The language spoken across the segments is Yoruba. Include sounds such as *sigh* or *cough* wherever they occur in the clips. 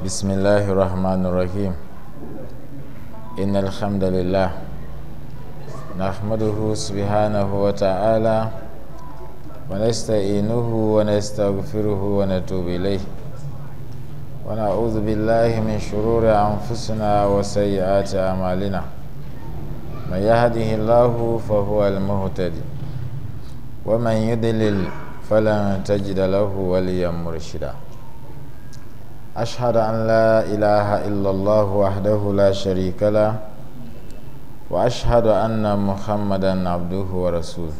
بسم الله الرحمن الرحيم إن الحمد لله نحمده سبحانه وتعالى ونستعينه ونستغفره ونتوب إليه ونعوذ بالله من شرور أنفسنا وسيئات أعمالنا من يهده الله فهو المهتدي ومن يضلل فلن تجد له وليا مرشدا أشهد أن لا إله إلا الله وحده لا شريك له وأشهد أن محمدا عبده ورسوله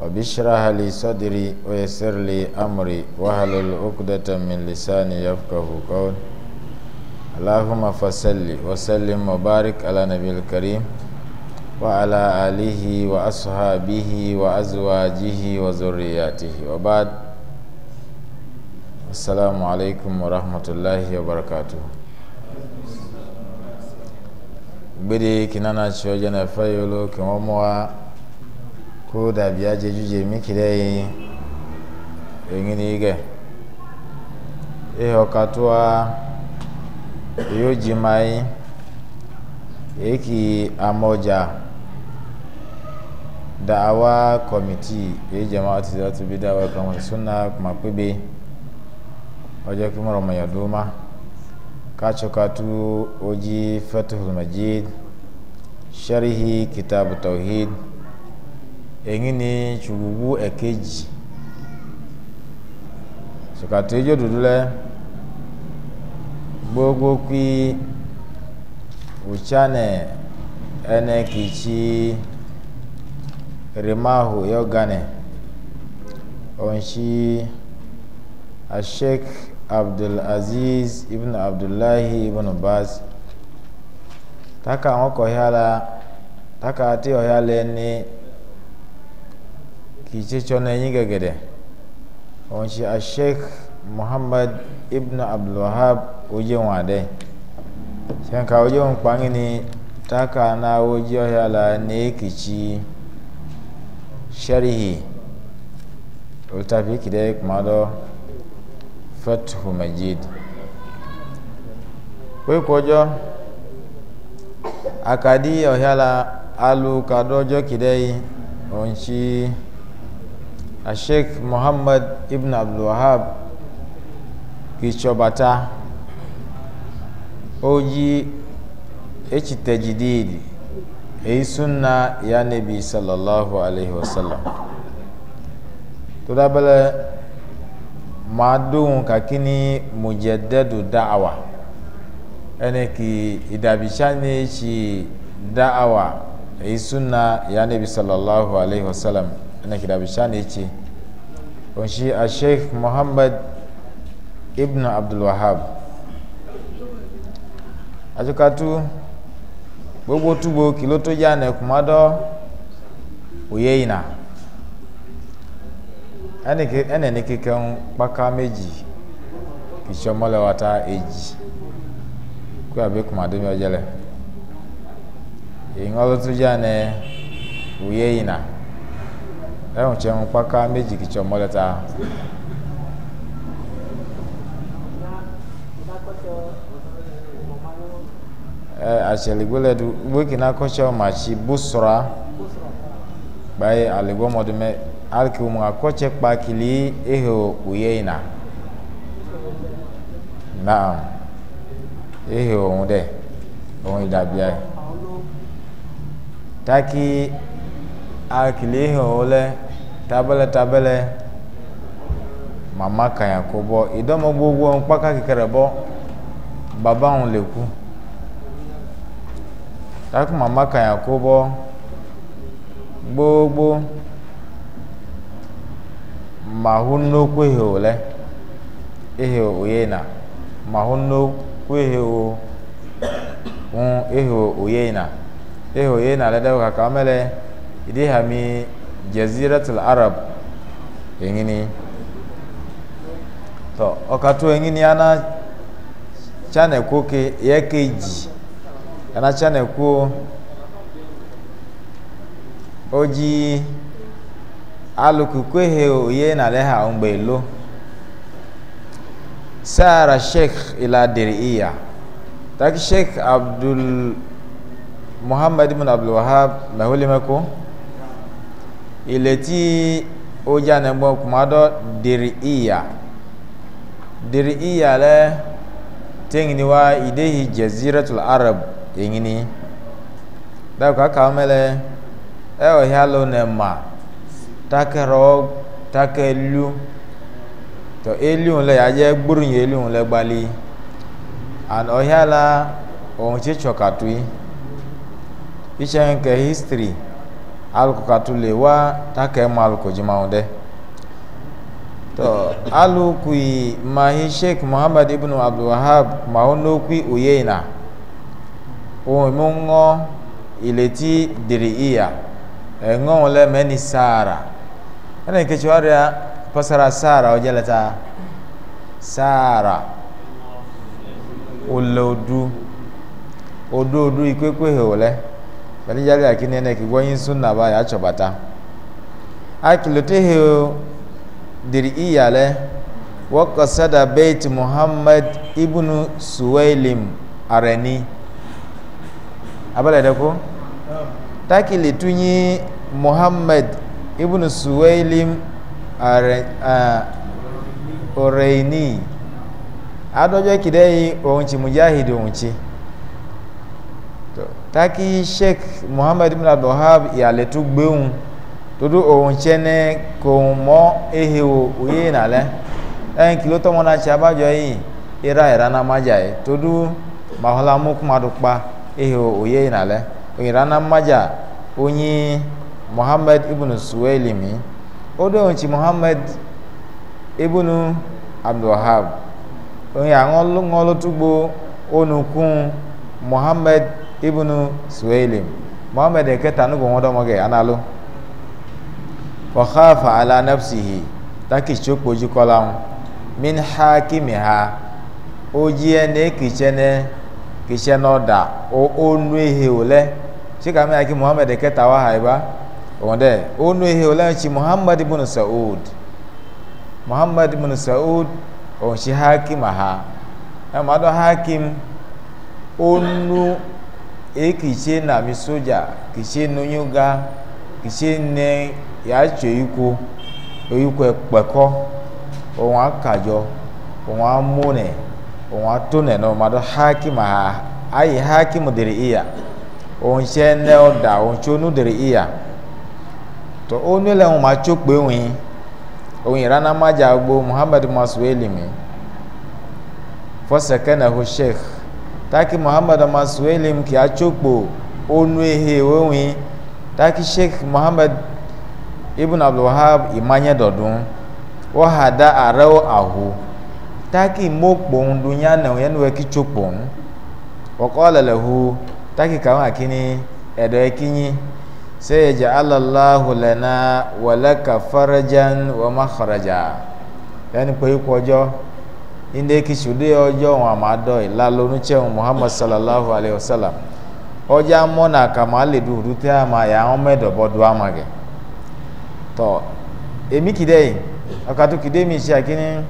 وبشرها لي صدري ويسر لي أمري وهل العقدة من لساني يفقه قول اللهم فصل وسلم وبارك على نبي الكريم وعلى آله وأصحابه وأزواجه وذرياته وبعد السلام عليكم ورحمة الله وبركاته gbede kinana tsi ɔdze na ɛfɛ yolo kɛmɔmɔ wa kó dàbí adzedzu dze mi ki ɖe yi eŋi ni gɛ eye ɔkatoa eyo dzi eki amɔdza dawa kɔmiti eye dzama ti da tu bi dawa kɔmɔ suna kuma kpebe ọjọ́ kí mọ̀rọ̀ mọ̀yàn dúmá káàtsọ́kàtú ojì fẹ́tùhùn mẹ́jìd sẹ́ríhì kìtàbù tọ̀hìd èyí ni tùwúwú ẹ̀kejì sọ̀kàtú ejò dúdú lẹ́ gbogbo kí wùtsánẹ̀ ẹnẹ kìtsi rimahu yọ̀gánẹ̀ onshi ashek. abdulaziz ibn abdullahi ibn baz taka àwọn kọ̀híala taka àti ọ̀híala ẹni kì í ṣe tsọ́nà ẹ̀yìn gẹ̀gẹ̀dẹ̀ òun ṣe asheikh muhammad ibn abdulwahab oye wọn adé ṣẹ́nka oye wọn taka na oye ọ̀híala ní ekichi sharihi olùtàfi kìdẹ́ fathu majid kwekwojo akadi ohiala alu kadojo kidei onchi ashek muhammad ibn abdulwahab kichobata oji echitejdidi èyí sunna ya nabi sallallahu alayhi wa sallam tó dábẹ́lẹ́ maa dohun kakini mujededu da'awa ɛnɛ ki idabisani si da'awa eyi sunna ya nabi sallallahu alaihi wasallam ɛnɛ ki idabisani ci onse a sheikh muhammad ibn abdulwahab atukatu gbogbo tugbo kilo to ya nɛ kuma dɔ o ẹnì ní kíkẹ́ ń pákà méjì ìṣọmọlẹ́wàtà èjì kó àbí kùmàdúmí ọjẹ́lẹ̀ èyí wọn tún já ní òye ìnà ẹ̀hùn tẹ́ ń pákà méjì ìṣọmọlẹ́ta. ẹ àṣẹlẹgbẹlẹdu gbẹkìnnà kọsẹ ọmọ àti bùsùrà báyìí àlẹgbọmọdúnmẹ. alki mu akɔtsɛ kpakili ehe oye yina naam ehe ohun dɛ ohun idabia taki akili ehe ohun lɛ tabɛlɛ mama kanya ko bɔ idɔmɔ gbogbo ohun kekere bɔ baba ohun le taki mama kanya ko gbogbo. ma hụ nnukwu ihe ole ihe onye na ma hụ nnukwu ihe o ihe onye na ihe onye na lede ka ka mele idi ha mi jaziratul arab engini to okatu engini ana chane koke yekeji ana na ko oji Aluku alukukwehe oye na leha mgbe lo sara sheikh ila diriya taki sheikh abdul muhammad ibn abdul wahab mahuli ile ileti o ja na gbọ kumado diriya diriya le tengini wa idehi jaziratul arab yengini dako aka mele ewo hialo ne ma take rɔ take lu tɔ eli ŋun le yadze gburu yi eli ŋun le gbali and ɔhia la ɔhun tsi tsɔ katui itse nke history aluko katu le wa take ma aluko dzima ŋu de tɔ aluku yi mahi sheik muhammad ibn abdulwahab mahu n'okui oyeyina ohun mi ŋɔ ileti diri iya eŋɔ ŋun le mɛ ni saara. ɛna nketsi wari a pasara saara ɔdze lɛ taa saara wòle odu odu odu ikpekpe he wòlɛ pɛlɛ yali akini ɛnɛ ki wɔnyi sun naba yatsɔ bata akilote he o diri iya lɛ wɔkɔsada beit muhammed ibnu suwailim arɛni abalɛ dɛ ko takili tunyi ibn suwailim ọ̀rẹ́ni adọ́jọ́ kìdẹ́yìn ohun ti mujahid ohun ti taki sheikh muhammad ibn abdulhab ìyàlẹ́tú gbéhùn todo ohun tsẹ́nẹ́ kò mọ́ ehe o òye nàlẹ́ ẹ̀yìn kìló tọ́mọ náà tsi abájọ yìí ira na madza yìí todo mahola mú kumadukpa ehe o òye ira na madza onyin. muhammad ibnu suwailimi ó dóhùn tí muhammad ibnu abdulhab òun yà ńọ́ ló túgbó onukun muhammad ibnu suwailim muhammad ẹ̀kẹta nígbà wọn dọ́mọgẹ̀ analó fọ̀kháfà alánàfsìhì tákì tí ó pojú kọ́lá wọn min hákìmì ha ó jí ẹni kìíṣẹ́nẹ́ kìíṣẹ́nọ́dà ó ó nú ihe òlẹ́ ṣé kàmí àkí muhammad ẹ̀kẹta wà hàìbá. ọmọdé onu ehe ọlọ́ọ̀chí muhammad ibn saud muhammad ibn saud hakim ha ẹ̀mọ́dọ́ hakim onu na nàmi sójà kìṣe nonyuga eyiko nẹ yàtsọ ikú oyikú ẹ̀pẹ̀kọ́ òun akàjọ òun amúnẹ̀ òun atúnẹ̀ náà ọmọdọ́ hakim ha ayé hakim iya ọ̀nṣẹ́ nẹ́ ọ̀dà iya. to onu le ma tso kpe wui oyin rana madza gbo muhammed masueli mi fɔsɛkɛ na ho sheikh taki muhammed masueli mi kia tso kpo onu ehe wui taki sheikh muhammed ibn abdulwahab imanye dɔdun wo ha da arewo aho taki mo kpɔn dunya na yɛn wɛ ki tso kpɔn wɔkɔ le le ho taki kawo akini ɛdɔ yɛ kinyi. سيجعل الله لنا ولك فرجا ومخرجا yani pe iku ojo inde kisude ojo won amado ila lonu muhammad sallallahu alaihi wasallam oja na kamale du rute ama ya on medo bodu amage to emi akatu mi akini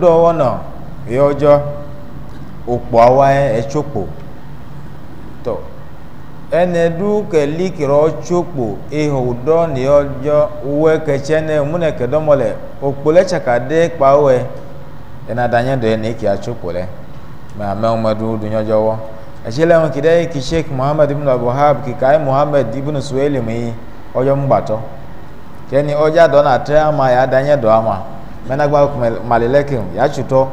do e ojo opo awa e chopo to ene du keli kiro tsokpo eho dɔ ne yɔdzɔ wɛ kɛtsɛ ne mu ne kɛ dɔmɔ tsaka de kpa wɛ ena da do ye ne kia tsokpo lɛ mɛ amewo me du du nyɔdzɔ wɔ etsi le ŋu ki ɖe ki sheik muhammed ibn abuhab kika ye muhammed ibn suweli mi ɔdzɔ mu gbatɔ kɛni ɔdza na tɛ ama ya da do ama mɛ na gba mali lɛ ke ya tsutɔ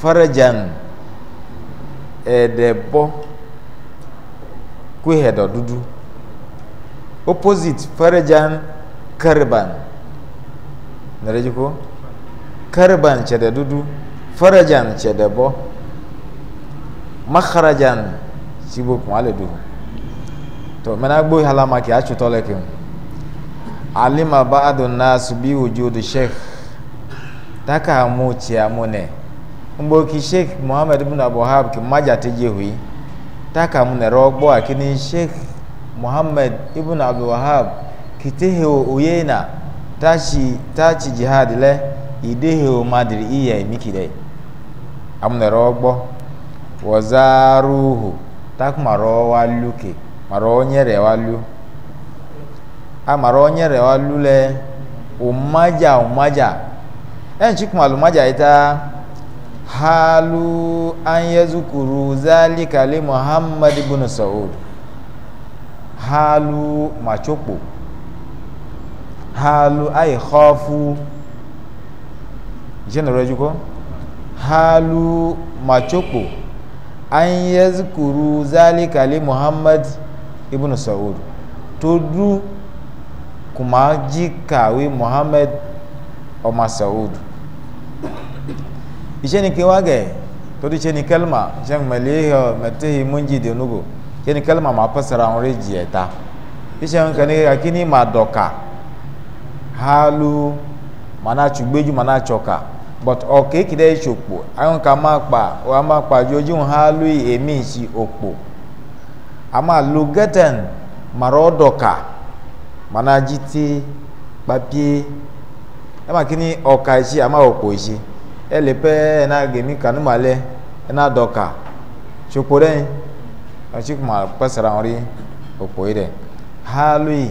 fɛrɛdzan ɛdɛ e bɔ. kwihe dɔ dudu opposite farajan Karban. nare ko kariban cɛ dudu farajan cɛ bo. makharajan sibo kun ale duhu to mena gbo halama ki acutɔ lɛ kem alima ba'adu nas bi wujudu sheikh taka mu ciamu ne mboki sheikh muhammad ibn abu hab ki majate jehui taka mu ọgbọ a akini sheikh muhammed ibn abdulwahab kitehe oyena tachi tachi jihad lɛ idehe o madiri iyɛ miki dɛ amu nɛrɛ ɔgbɔ wɔzaaruhu taku marɔ wa lu ke marɔ nyɛrɛ wa lu amarɔ nyɛrɛ wa lu lɛ umaja ɛn e tsi kuma lu yi taa. halu an yazukuru zalika li muhammad ibn saud halu machopo halu ay khafu jina rajuko halu machopo an yazukuru zalika li muhammad ibn saud todu kuma ji muhammad o saud ni kewage, todi tori cheni kelma jeng maliho metehi munji de nugo cheni kelma ma pasara onre jieta ni kani akini madoka halu mana chugbeju mana choka but oke kide ichopo ayon ka ma pa o ma pa joju halu emi si opo ama lugeten marodoka mana jiti papie ema kini oka isi ama opo isi ele pe na gemi kanu male ena doka chopo de achi kuma pasara ori opo ide halui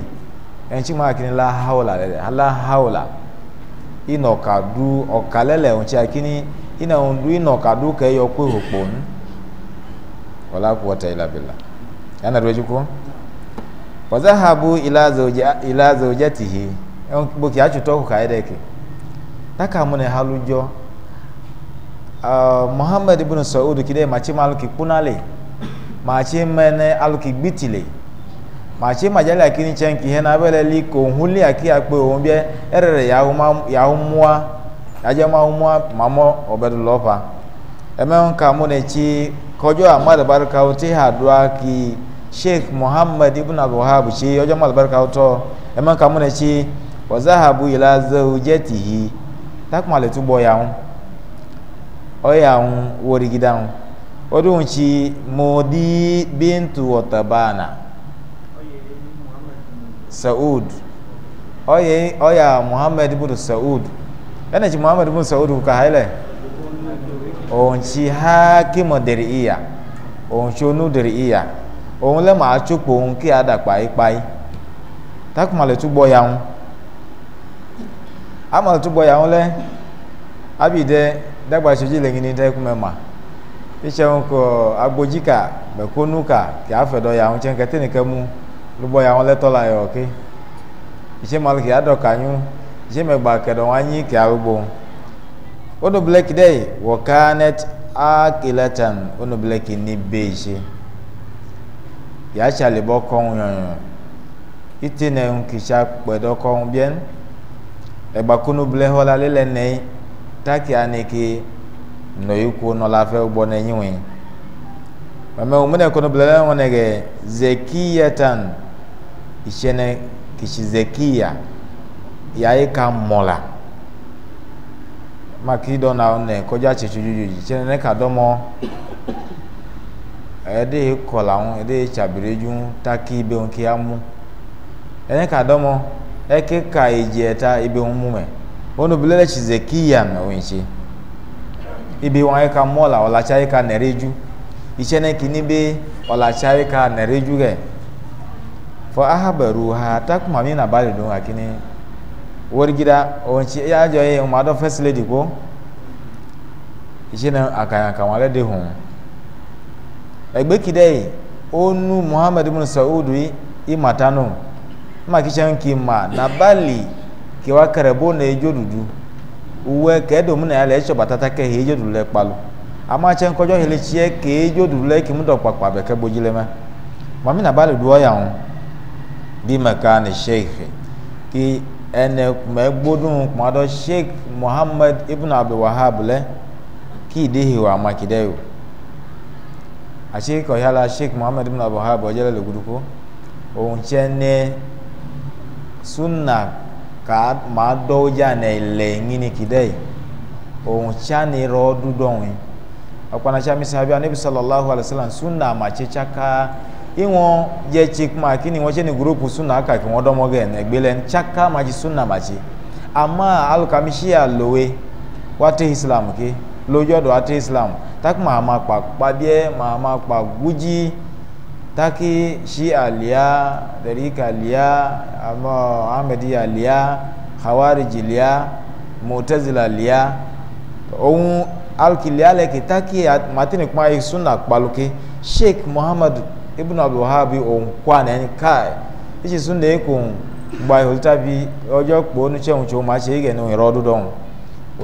enchi ma kini la haula le la haula ino ka du okalele onchi akini ina ondu ino ka du ke yo ku opo n wala quwata illa billah yana reju ko wazahabu ila zawja ila zawjatihi en bo ki achu to ka ide ke taka mun halujo uh, ibn saud kide machi ma aluki kpunale machi mene aluki gbitile machi majali akini na ko huli aki akpe ya erere yahu mua yaje ma mua mamo emen ka mu ne chi kojo amad barka uti hadwa ki sheikh muhammad ibn abdulwahab chi ojo amad barka uto emen ka mu ne chi wazahabu ila zawjatihi takmale oya ŋu worigida ŋu o ɖo ŋutsi modi bintu wɔtabana saud oye oya muhammed bunu saud ene tsi muhammed bunu saud ka hayi lɛ òun tsi hakimu deri iya òun tsi onu deri iya òun lɛ maa tso kpo òun kí ada kpayikpayi takuma le tugbɔ ya ŋu ama le tugbɔ ya ŋu lɛ abi de. dagba tso dzi le ŋini ɖe kume ma fitse ŋu ko agbodzi ka mekonu ka ke afɛ dɔ ya ŋu tse kete ne ke mu lubɔ ya ŋu lɛ tɔ la yɔ ke fitse ma ke adɔ ka nyu fitse megba ke dɔ ŋu ke alubo wono bleki ɖe wɔ kanet akilatan wono bleki ni beji yatsa libɔ kɔŋ nyɔnyɔ ite ne ŋu kitsa kpe dɔ kɔŋ bien egba kunu ble xɔ la lele ne yi. taki ke no iku no la fe ugbo na nyiwi mama umune kono blele onege zekiyatan ishene kishi zekiya ka mola makido na one koja chichujuju ishene ne ka domo ede la un ede chabireju taki be ki amu ene ka eke ka ibe onu bilele chizekiya me ibi wọn ka mọla ọlacha ka nereju icheneki nibe ọlacha ka nereju ge fọ ahabaru ha takuma mi na bali don akini worigida onyiche ya ajo ye ma do first lady ko ichene akanya ka wọn ẹgbẹ́ kewa kẹrẹ bó na edzo dudu uwe kẹẹdọ mu na ya lẹ etsɔ batata ke he edzo dudu lẹ kpalo amatsɛ nkɔdzɔ hele tsiɛ ke edzo dudu lẹ kemu dɔ kpakpa bɛ kɛ gbodzi lɛ mɛ mami na ba le du ya ŋu bi mɛ ka ne sheikh ki ɛnɛ mɛ gbodun kuma dɔ sheikh muhammed ibn abdul wahab lɛ ki de he wa maki dɛ o asi kɔ ya la sheikh muhammed ibn abdul wahab ɔdze lɛ le guduko ohun tsɛ ne sunna. ka ma dɔwo dza ne le nyini ki ɖe yi ohun tsa ni rɔ dudɔnwi akpana tsa mi sinabi anabi sallallahu alayhi wa sallam suna ma tse tsaka iwọn yɛ tsi kuma kini wɔn tse ni gurupu suna kaki ki wɔn dɔmɔ gɛ ne gbe lɛ tsaka ma tsi suna ma tsi ama alukami si alowe wa islam ke lojɔ do wa te islam takuma ama kpa kpa biɛ ma ama kpa gudzi. taki shi aliya darika aliya amma ahmadi aliya khawariji aliya mutazila aliya ohun alkiliya lẹki taki matini kuma yi suna kpaluke sheikh muhammad ibn abdulhabi ohun kwa nẹni kai ishi suna ekun gba iholita ojo ọjọ kpo onitsẹhun tso ma ṣe igẹ ni irọ dudọ ohun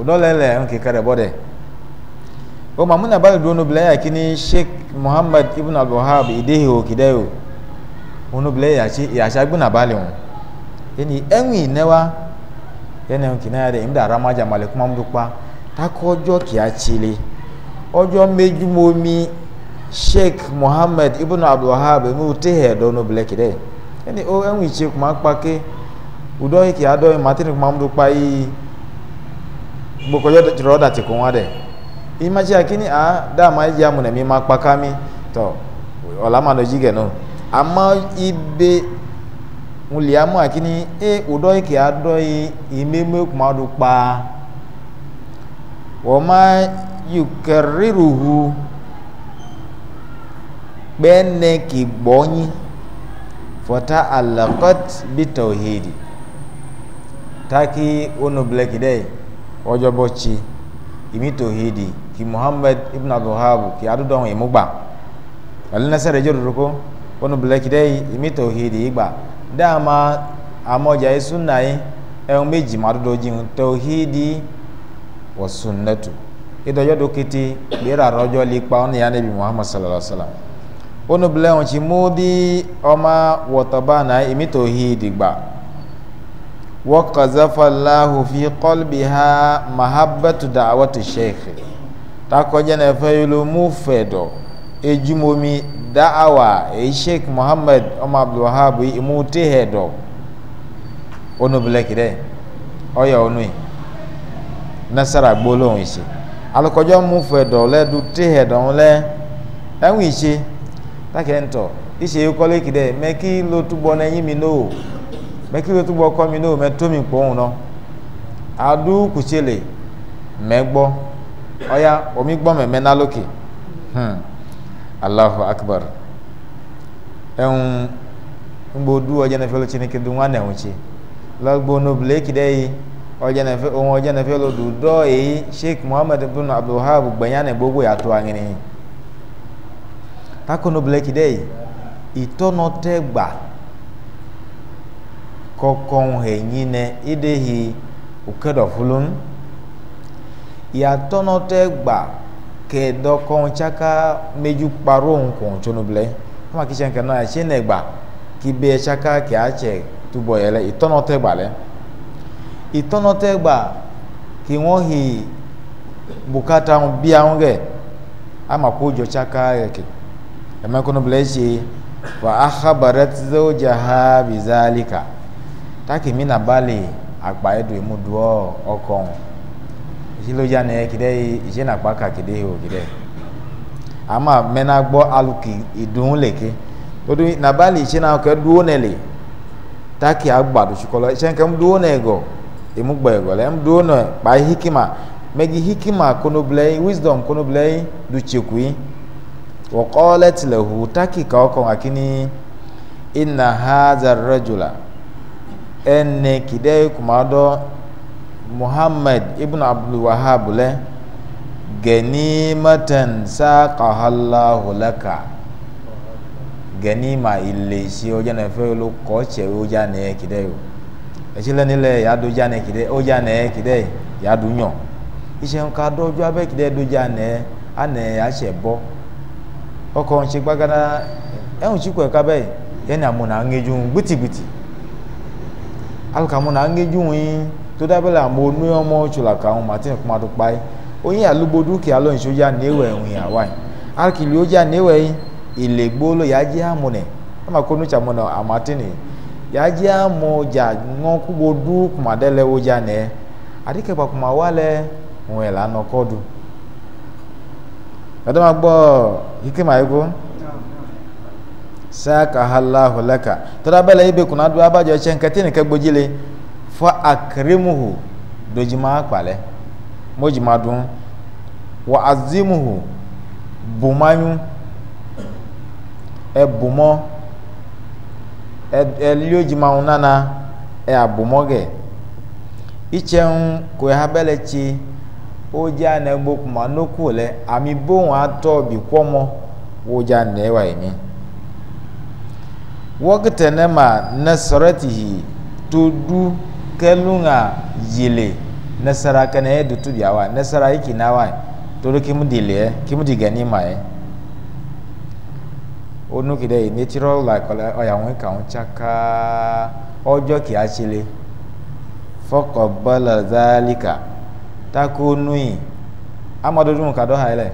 odọlẹlẹ nkekere bọdẹ. o ma muna bala duro nobile ya kini sheik muhammad ibn al-wahab idehi o kide o o nobile ya ce ya bali o yani enwi newa yana kina ya da imda ramaja male kuma mu dupa ta ko ọjọ́ chile ojo meju mo sheik muhammad ibn al-wahab mu tehe do nobile kide yani o enwi che kuma pake udo ki ado matiri kuma mu dupa yi gbokọjọ tìrọdà tìkún wa dẹ ima ci akini a dama ya mu na mi ma kpaka mi to ola ma no jige no ama ibe muli amu akini e udo iki ado i imeme kuma do pa wama yukariruhu bene ki gbonyi fota alaqat bi tauhidi taki onu black day ojo bochi imi ki muhammed ibn abdulhabu ki adudɔn yi mu gba wali nasara jɛ dodo ko wonu bilaki dɛ imi tawhidi yi gba dama amɔdza yi sunna yi ɛn meji ma dodo dzi ŋu tawhidi wa sunnatu idɔjɔ do kete gbera rɔjɔ li kpa ɔnu ya nebi muhammed sallallahu alaihi wa sallam wonu bilɛ ŋun tsi mu ɔma wɔtɔba na imi tawhidi gba wọ́kọ̀záfàláhù fi kọ́lbì ha mahabbatu da'awatu sheikh takɔdze ne ƒe yelo mu fɛ dɔ edzumomi da awa eyi muhammed ɔmɔ abdulwahab yi mu te hɛ dɔ onu bilaki dɛ ɔyɛ onu yi nasara gbolo ohun ise alukɔdze mu fɛ dɔ lɛ du te hɛ dɔ ŋu lɛ ɛŋu ise takɛ ŋutɔ ise yi kɔle ki dɛ mɛ ki lo tubɔ mi no mɛ ki lo kɔ mi no mɛ tomi mi kpɔn nɔ adu kutsele mɛ gbɔ. ọya omi gbọ́ mẹ̀mẹ́ ná lókè hmm. allahu akbar ẹ̀hún ńgbò dú ọjọ́ náà fẹ́ ló chineke dùn wọn náà ń ṣe lọ́gbọ́n nobile kìdẹ́ yìí ọjọ́ náà fẹ́ ohun ọjọ́ náà fẹ́ ló dọ́ èyí sheikh muhammed bin abdulhab gbẹ̀yàn gbogbo yàtọ̀ àyìnrìn tako nobile kìdẹ́ yìí gbà kọ́kọ́ ń hẹ̀yìn yàtɔ̀nɔ tɛ gbà kɛ dɔ kɔn tsaka medu kparo ŋkɔn tsonu kama kì í tsɛn kɛ nɔ yàtsɛ nɛ gbà kì bɛ tsaka kì á tsɛ tubɔ yɛ lɛ ìtɔ̀nɔ tɛ gbà lɛ ìtɔ̀nɔ tɛ gbà kì wọ́n hì bùkátà ŋu bia ŋu ama kó dzɔ tsaka yɛ kɛ ɛmɛ kɔnɔ tsi wa axabara ti dɛ wo dza ha bizalika taki mi na ba li agba yɛ do emu do ɔkɔn. ìṣílójá ni kìdẹ ìṣínàpákà kìdẹ ihò kìdẹ àmà mẹna gbọ alùkì ìdùn lèke lódún nàbàlì ìṣínàkẹ dúró nẹlẹ táàkì àgbàdo ṣùkọlọ ìṣẹǹkẹ ń dúró nẹgọ èmúgbọ ẹgọ lẹ ń dúró nẹ kpa hikima mẹgi hikima kónóbilẹyìn wisdom kónóbilẹyìn dùtsẹkùyìn wọkọọlẹ tìlẹhù muhammad ibn abdulwahab lɛ ganimatan saqahallahu laka ganima ilesi ojana fɛ lo kɔtsɛ ojana yɛ kidɛ o etsi lɛ nilɛ yadu ojana yɛ kidɛ ojana yɛ kidɛ yadu nyɔ isɛn ka do kidɛ do yɛ anɛ yatsɛ bɔ ɔkɔ ŋtsi tsi kɔɛ kabɛ na ŋedzu gbitigbiti alu ka mu na ŋedzu ŋui. tó dábẹ́lẹ̀ àmọ́ onú ọmọ òṣùlàkà àwọn martin kumadu páyé oyin àlúgbodú kí alóyin sójà níwẹ̀ ẹ̀hún yàwá yìí alkìlì ójà níwẹ̀ yìí ìlẹ̀gbó ló yà á jẹ́ àmúnẹ̀ ẹ̀ máa kónú ìtsàmúnà àmàtí nìyí yà á jẹ́ sáà kàhálà hùlẹ́kà tọ́lá bẹ́lẹ̀ kùnà fa akrimuhu dojima kpalɛ mojima dun wa azimuhu bumanyu ɛbumɔ e ɛliojimawu e, e nana ɛabumɔgɛ itsɛŋu koe habɛlɛ tsi wodze anɛgbo kuma noku lɛ ami boŋ atɔ bi kɔmɔ wodze anɛ wa yi mi wɔkitɛ nɛma nɛsɔrɛtihi to du. kelunga yile nasara kana ye dutu biawa nasara yiki nawa toro kimu dile kimu digani mae onu kide natural la ola oya won ka won chaka ojo ki achile faqabbala zalika takunui amadu dun ka do haile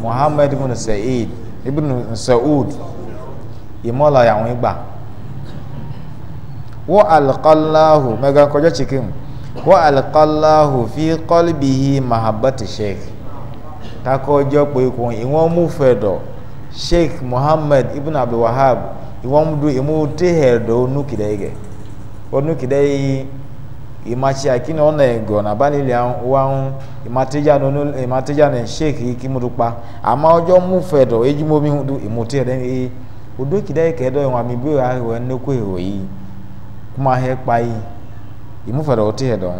muhammad ibn sa'id ibn sa'ud imola ya won igba wa alqallahu megan kojo cikin wa alqallahu fi qalbihi mahabbati sheikh ta kojo pe ko iwon mu fedo sheikh muhammad ibn abdul wahab iwon du imu imachi akini ona ego na wa ne sheikh ama ojo mu fedo ejimomi imu tehedo ni odo kidai kedo iwon mi bi wa kuma hɛ kpayi ìmúfẹ̀rẹ̀ ọtí hẹ̀ dọ̀n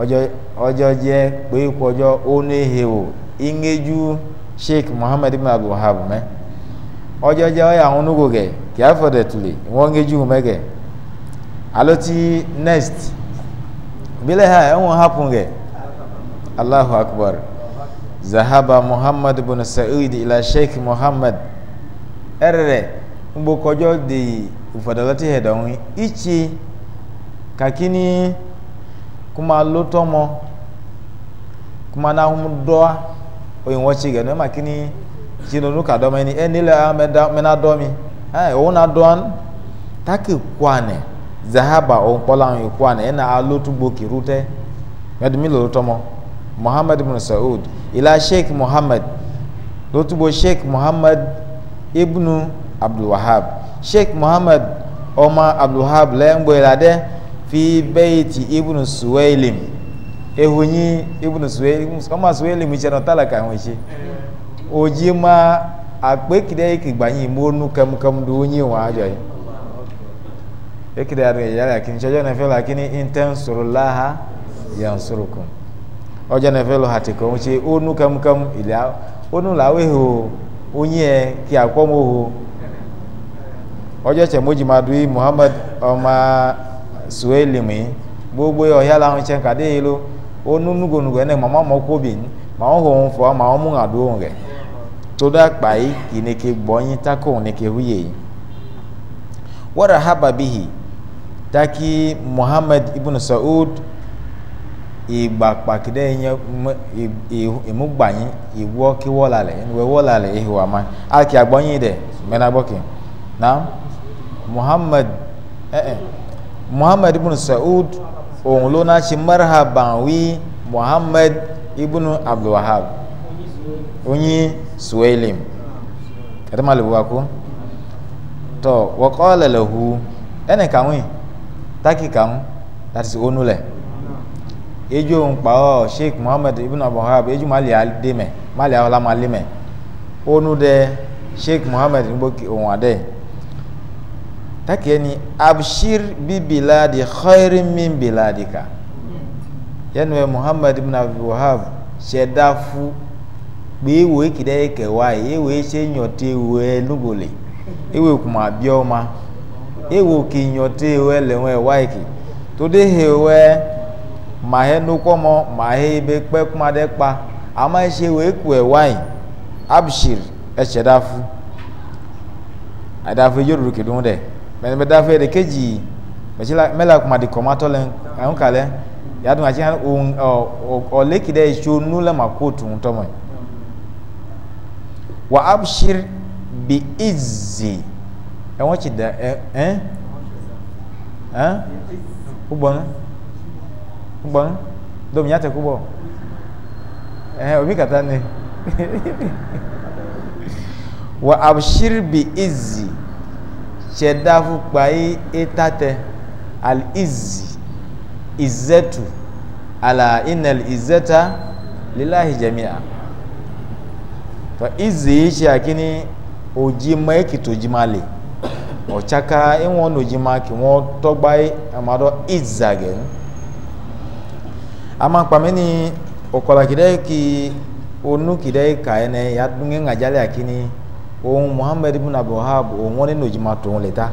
ọjọ́ ọjọ́ jẹ́ o ìngéjú sheik muhammed bin abdul wahab mẹ́ ọjọ́ jẹ́ ọ̀yà àwọn onúgò gẹ̀ kí á fọ̀dẹ̀ tulè wọ́n ngéjú alo ti next ha ẹ̀wọ̀n e hapun zahaba bin sa'id ila sheikh ufadalati hedon ichi kakini kuma lotomo kuma na humdoa oyin wachi ga makini jino nuka do meni enile ameda mena do mi eh ona doan taki kwane zahaba on pola on kwane ena alotu gboki rute yadmi lotomo muhammad ibn saud ila sheikh muhammad lotubo sheikh muhammad ibnu abdul wahab sheikh muhammad ọmọ abdulhab lẹ́ngbẹ̀ladẹ fi bẹ́ẹ̀tì ibùn suwailim ehunyi ibùn suwailim ọmọ suwailim ìṣẹ̀nà tálàkà àwọn ìṣe òjì máa àpékìdẹ́ ìkìgbàyìn mọ́nú kẹmukẹmu dùnúnyì wọn àjọ yìí ekele adu yɛ yala kini sɔjɔ nɛfɛ la kini intɛn soro laha yan soro kun ɔjɔ nɛfɛ lɔ hati kɔn tse onu kamukamu ilia onu la awo eho ọjọ́ tẹ̀ mojì máa dùn mohamed muhammed ọmọ suweli mi gbogbo ọ̀yá làwọn tẹ̀ kàdé yìí ló ó nú nugonugo ẹ̀ màmá ọ kó bì ní màá hò fọ́ màá mú àdó rẹ̀ tó dá pa yìí gbọ́yìn tako ìneke húyè yìí taki ibn saud ìgbà yẹn ìmúgbàyìn ìwọ́ kí ìwọ́ muhammad eh, eh, muhammad ibn saud òun ló náà ṣe marhaban wí muhammad ibn abdulwahab onye suwalim ẹ̀tọ́ máa lè wá tọ tọ́ wọ́kọ́ lẹ̀lẹ̀hu ẹnì kàwé táàkì kàwé láti ṣe onúlẹ̀ ejú òun sheikh muhammad ibn abdulwahab ejú máa lè dé mẹ́ máa lè ọlá máa lé mẹ́ onú dẹ sheikh muhammad nígbó òun àdẹ́yẹ. hake ni abshir bi biladi khairin min biladika yanu ye muhammad ibn abdul wahab sedafu gbewo ekide ekewa ewe ese nyote ewe enugole ewe kuma abioma ewe oke nyote ewe lewe ewa eke tode hewe mahe nukomo mahe ibe kpe kuma kpa ama ese ewe eku ewa yi abshir esedafu adafu yoruru kedun de mɛ mɛ da fɛ ɖeke dzi mɛtsi la mɛ la kuma di kɔmatɔ le ŋu ka lɛ yadu ŋatsi hã o ɔ ɔleki ɖe tso e nu le ma ko tu ŋutɔ me wa abshir bi izi ɛwɔn e tsi da ɛ ɛ ɛ o gbɔnu o gbɔnu domi nyate ko bɔ ɛ omi kata ne *laughs* wa abshir bi izi tsedafu kpayi etatɛ ali izi izetu ala inal izɛta lilahi jamiya tɔ izi yi tse akini odzima ekito odzima li ɔtsaka iwọn n'odzima kiwọn tɔgba yi ama dɔ iza gɛ ama kpami ni ɔkɔla kidɛ ki onu kidɛ ka yi nɛ yadu ŋɛ akini. òun muhammed ibn abdulhab ohun wọn nínú ìjìmá tòun lè ta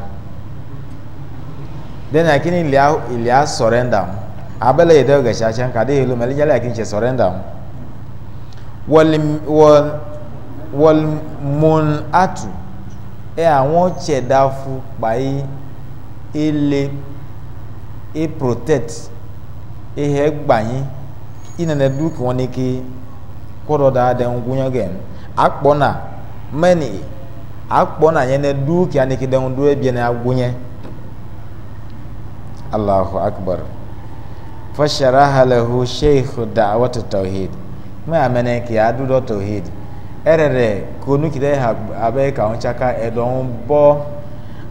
dẹ́nà kí ni ilẹ̀ á sọ̀rẹ́ndà mu abẹ́lẹ̀ yẹ̀dẹ́ ọ̀gẹ̀ṣẹ̀ àṣẹ kàdé yìí mẹ́lẹ́ jálẹ̀ kí ṣe sọ̀rẹ́ndà mu àtù ẹ àwọn pàì ilé e protect ihe gbanyin inana duki wọn ni ki kó dọ̀ ń náà. mɛni akpɔ na nyɛ ne du kia ne kidɛ ŋu du ebie ne agunyɛ alahu akbar fasharaha lahu sheikh da'wat tawhid mɛ amɛnɛ kia du dɔ tawhid ɛrɛrɛ konu kidɛ ha abe ka ŋu tsaka ɛdɔn bɔ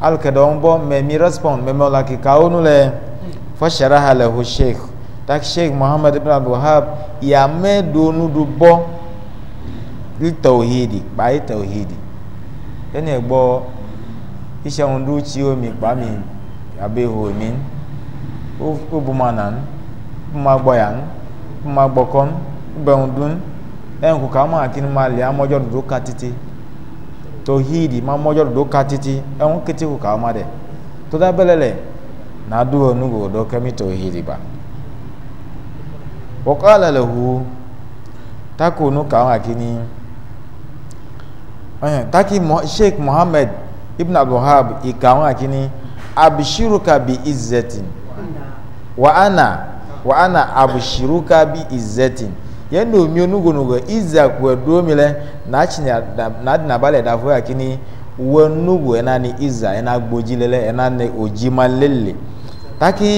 alukɛdɔn bɔ mɛ mi respond mɛ mɛ o la kika wo nu lɛ fasharaha lahu sheikh tak sheikh muhammad ibn abdulhab yamɛ do nu du bɔ. itauhidi kpa itauhidi ene gbɔ isɛŋu ɖu tsi wo mi kpa mi abe ho mi wo buma nan buma gbɔ yan buma gbɔ kɔn bɛŋu dun ɛn ko kama akini ma lia mɔdzɔ dodo ka titi tauhidi ma mɔdzɔ dodo ka titi ɛn kete ko kama dɛ toda bɛlɛ lɛ na do wo nugo dɔ kɛmi tauhidi ba wɔkɔ alɛ lɛ hu tako nu kama akini. taki sheikh muhammad ibn abdulhab ìkàwọn àkíní abishiruka bi izzetin wa ana wa ana abishiruka bi izzetin yẹn ní omi onugonugo izza kuwa domi lẹ nàdì na dàfọ́ àkíní wọ́n nugu ẹ̀ náà ni izza ẹ̀ náà gbòjì lẹ́lẹ́ ẹ̀ náà ni òjì máa taki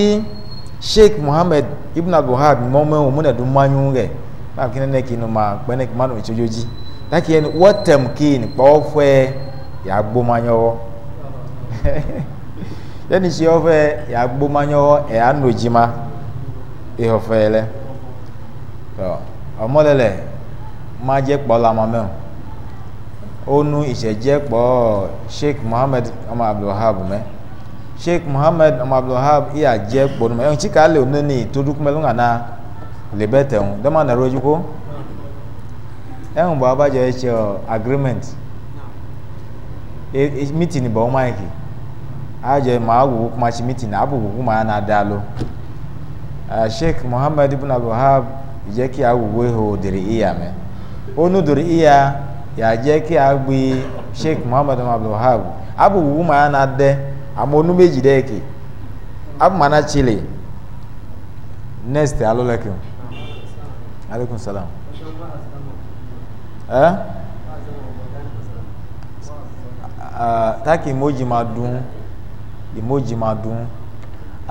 sheikh muhammad ibn abdulhab mọ́mọ́ ẹ̀ wọ́n múnẹ̀dùn máa ń yún rẹ̀ báwo kí nínú kí nínú máa pẹ́ ní taki yẹn wọtẹm kiin kpọọ fẹ yà gbomanyọwọ *laughs* yẹni si ọfẹ yà gbomanyọwọ ẹ e anodzima ihò e fẹ lẹ tọ ọmọlẹlẹ má jẹ kpọ lamamẹ o onu ìṣẹjẹ kpọ sheikh muhammed ọmọ abdulhab mẹ sheikh muhammed ọmọ abdulhab ìyà jẹ kpọ numẹ ẹ ń tí ká lè onínì tó dúkú mẹ ló ń gànà lè bẹ tẹ̀ ń dẹ́mà nàró ojú ɛhun bɔ abadzɔ yɛ tsɛ agreement e, e meeting bɔ ɔmɔ yi ki adzɔ ma awu kuma tsi meeting abu wuku ma ana da lo sheikh muhammed ibn abdulhab jẹ kí awuwe ho dèrè iya mɛ onu dèrè iya yà jẹ kí agbi sheikh muhammed ibn abdulhab abu wuku ma ana dɛ ama onu méjì dɛ ki abu na tsili next alo lɛ kim ẹ́ táàkì ìmójì máa dùn ìmójì máa dùn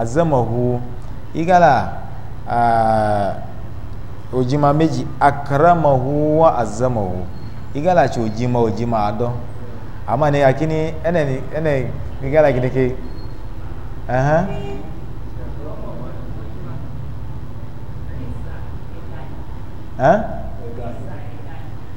azẹ́mọ̀hu igala ojima méjì akaramahu wa azẹ́mọ̀hu igala tsi ojima ojima adɔ ama ne akini ɛnɛ ni ɛnɛ igala kineke ɛhɛn. Uh -huh.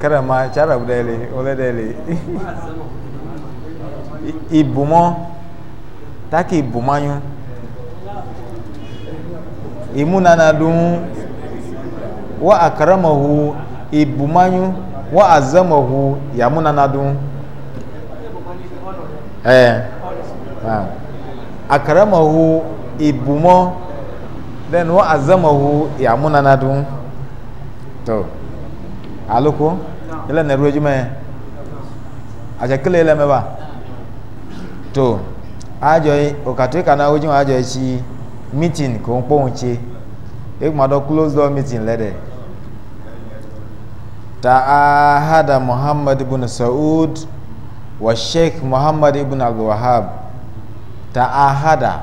kẹrẹ ma tsara bu ɖe le wòle ɖe le ibumɔ taki ibumanyu imunana dun wa akaramahu ibumanyu wa azamahu yamunana dun ɛɛ akaramahu ibumɔ then wa azamahu yamunana dun tó. So. aloko ele na ru edwuma yɛ atsa kele ile mɛ ba to adzɔ yi okatoi na wo dzi wɔn adzɔ meeting ko ŋkpɔ ŋu tsi ekuma close door meeting lɛ dɛ ta'ahada muhammad ibn saud wa sheikh muhammad ibn ta'ahada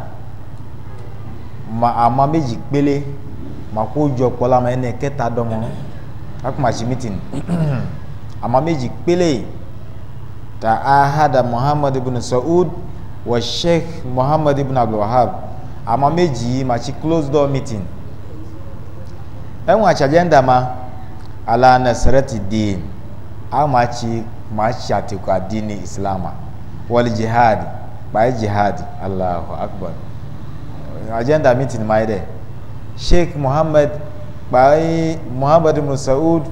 ma ama méjì pélé ma kó ma ɛnɛ kɛta dɔmɔ. akuma si meeting àmọ́ méjì pélé ta ahada muhammad ibn saud wa sheikh muhammad ibn abdulwahab àmọ́ méjì yìí ma ti close door meeting ẹ̀wọ̀n e àti agenda ma ala nasarati diin a ma ti ma ti àtìkù àdínì islam wọlé jihad báyìí e jihad allahu akbar agenda meeting ma yẹ e dẹ sheikh muhammad kpai muhammad ibn saud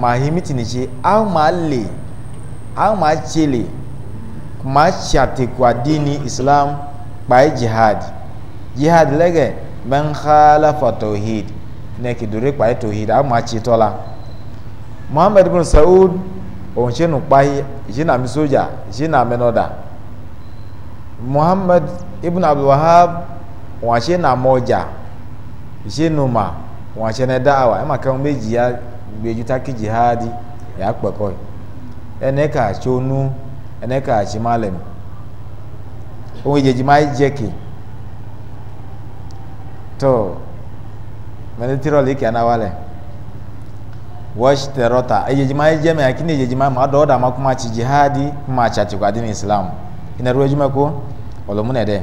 ma himiti ni ce an ma le an ma cele ma shateku addini islam kpai jihad jihad lege man khalafa tauhid ne ki dure kpai tauhid an ma ce tola muhammad ibn saud òun ṣe jina kpai ṣe nà mi sójà ṣe mi nọdà muhammad ibn abdulwahab òun ṣe nà mọ ishe numa wọn ahyɛ ne daawa ɛma ka wọn bɛgyi ya gbedu taki jihadi ya kpɛkɔ ɛnɛ ka akyɛ onu ɛnɛ ka akyɛ malem wọn yɛ gyima jɛki tó mɛni tirɔ leke anawa lɛ wɔsi tɛrɔta ɛyɛ gyima jɛ mɛ akini yɛ gyima ma dɔɔ dama kuma akyi jihadi kuma akyɛ akyɛ ni islam ɛnɛ do adwuma ko ɔlɔmu na ɛdɛ.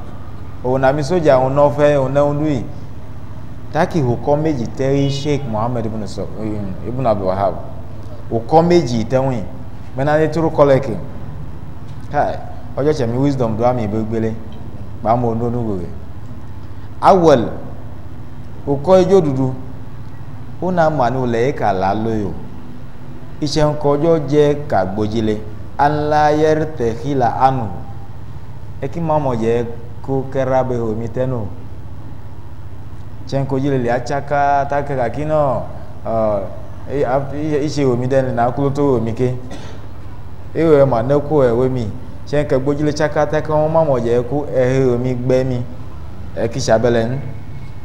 òun àmì sójà òun náà fẹ́ òun náà ń lù yìí méjì sheikh muhammed ibn abdul wahab òkọ́ méjì tẹ́wìn mẹ́ná ní turu kọ́lẹ́kì káì ọjọ́ wisdom do àmì ìgbégbélé gbàmú onónúgbò rẹ̀ awọ́l ijó dúdú òun náà mà ní olè yìí kà lálóyò jẹ́ mọ́mọ́ ko kɛra be homi tɛ no tiɛn ko yile lia e, e, e tsaka ta kɛ kaki nɔ ɔ itse homi tɛ ni na kulo to homi ke ewɛ ma ne ko ɛwɛ mi tiɛn kɛ gbɔdzile tsaka ta kɛ wɔn ma mɔ dze ko ɛhe homi gbɛ mi ɛkisa bɛlɛ nu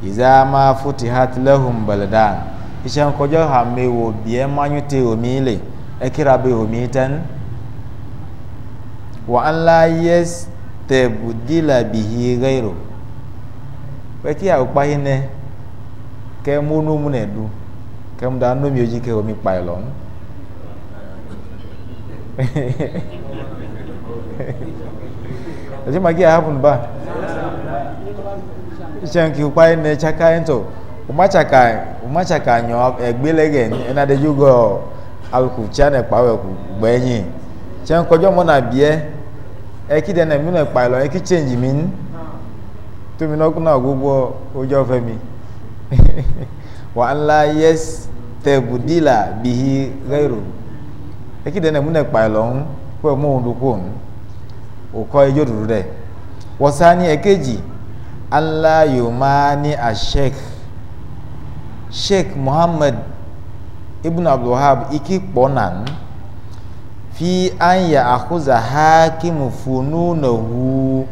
iza ma futi hati lehum bɛlɛdan tiɛn kɔdzɔ hame wo biɛ manyu te homi le ɛkira be homi tɛ nu wa an la yɛs tẹ̀bùdílà bìhí rẹ́rò pẹ́kí àwòpá yín nẹ kẹ́ múnúmú nẹ̀ du kẹ́ mú da nómi ojú kẹ́ omi pa ẹ̀ lọ́n. ẹ̀jẹ̀ màgí àhápùn bá ṣẹ́n kí òpá yín nẹ ṣáká yín tọ̀ òmáṣàkà òmáṣàkà yàn ẹ̀gbẹ́ lẹ́gẹ̀ ẹ̀ná adéjú gọ̀ alùpùpù tí gbẹ̀yìn ṣẹ́n kọjọ́ mọ́nà bíẹ́. Ekide dẹ nà mí nà kpa change mi ń tómi náà kúnà gbogbo ojú ọfẹ mi wà ńlá yẹs tẹbùdílà bìhí rẹrù ẹkí dẹ nà mí nà kpa ìlọ ń kó ẹ ní muhammed ibn abdulwahab ikí pọ̀ nànú. fi an yà àkóza ha ki mo fònú nà hu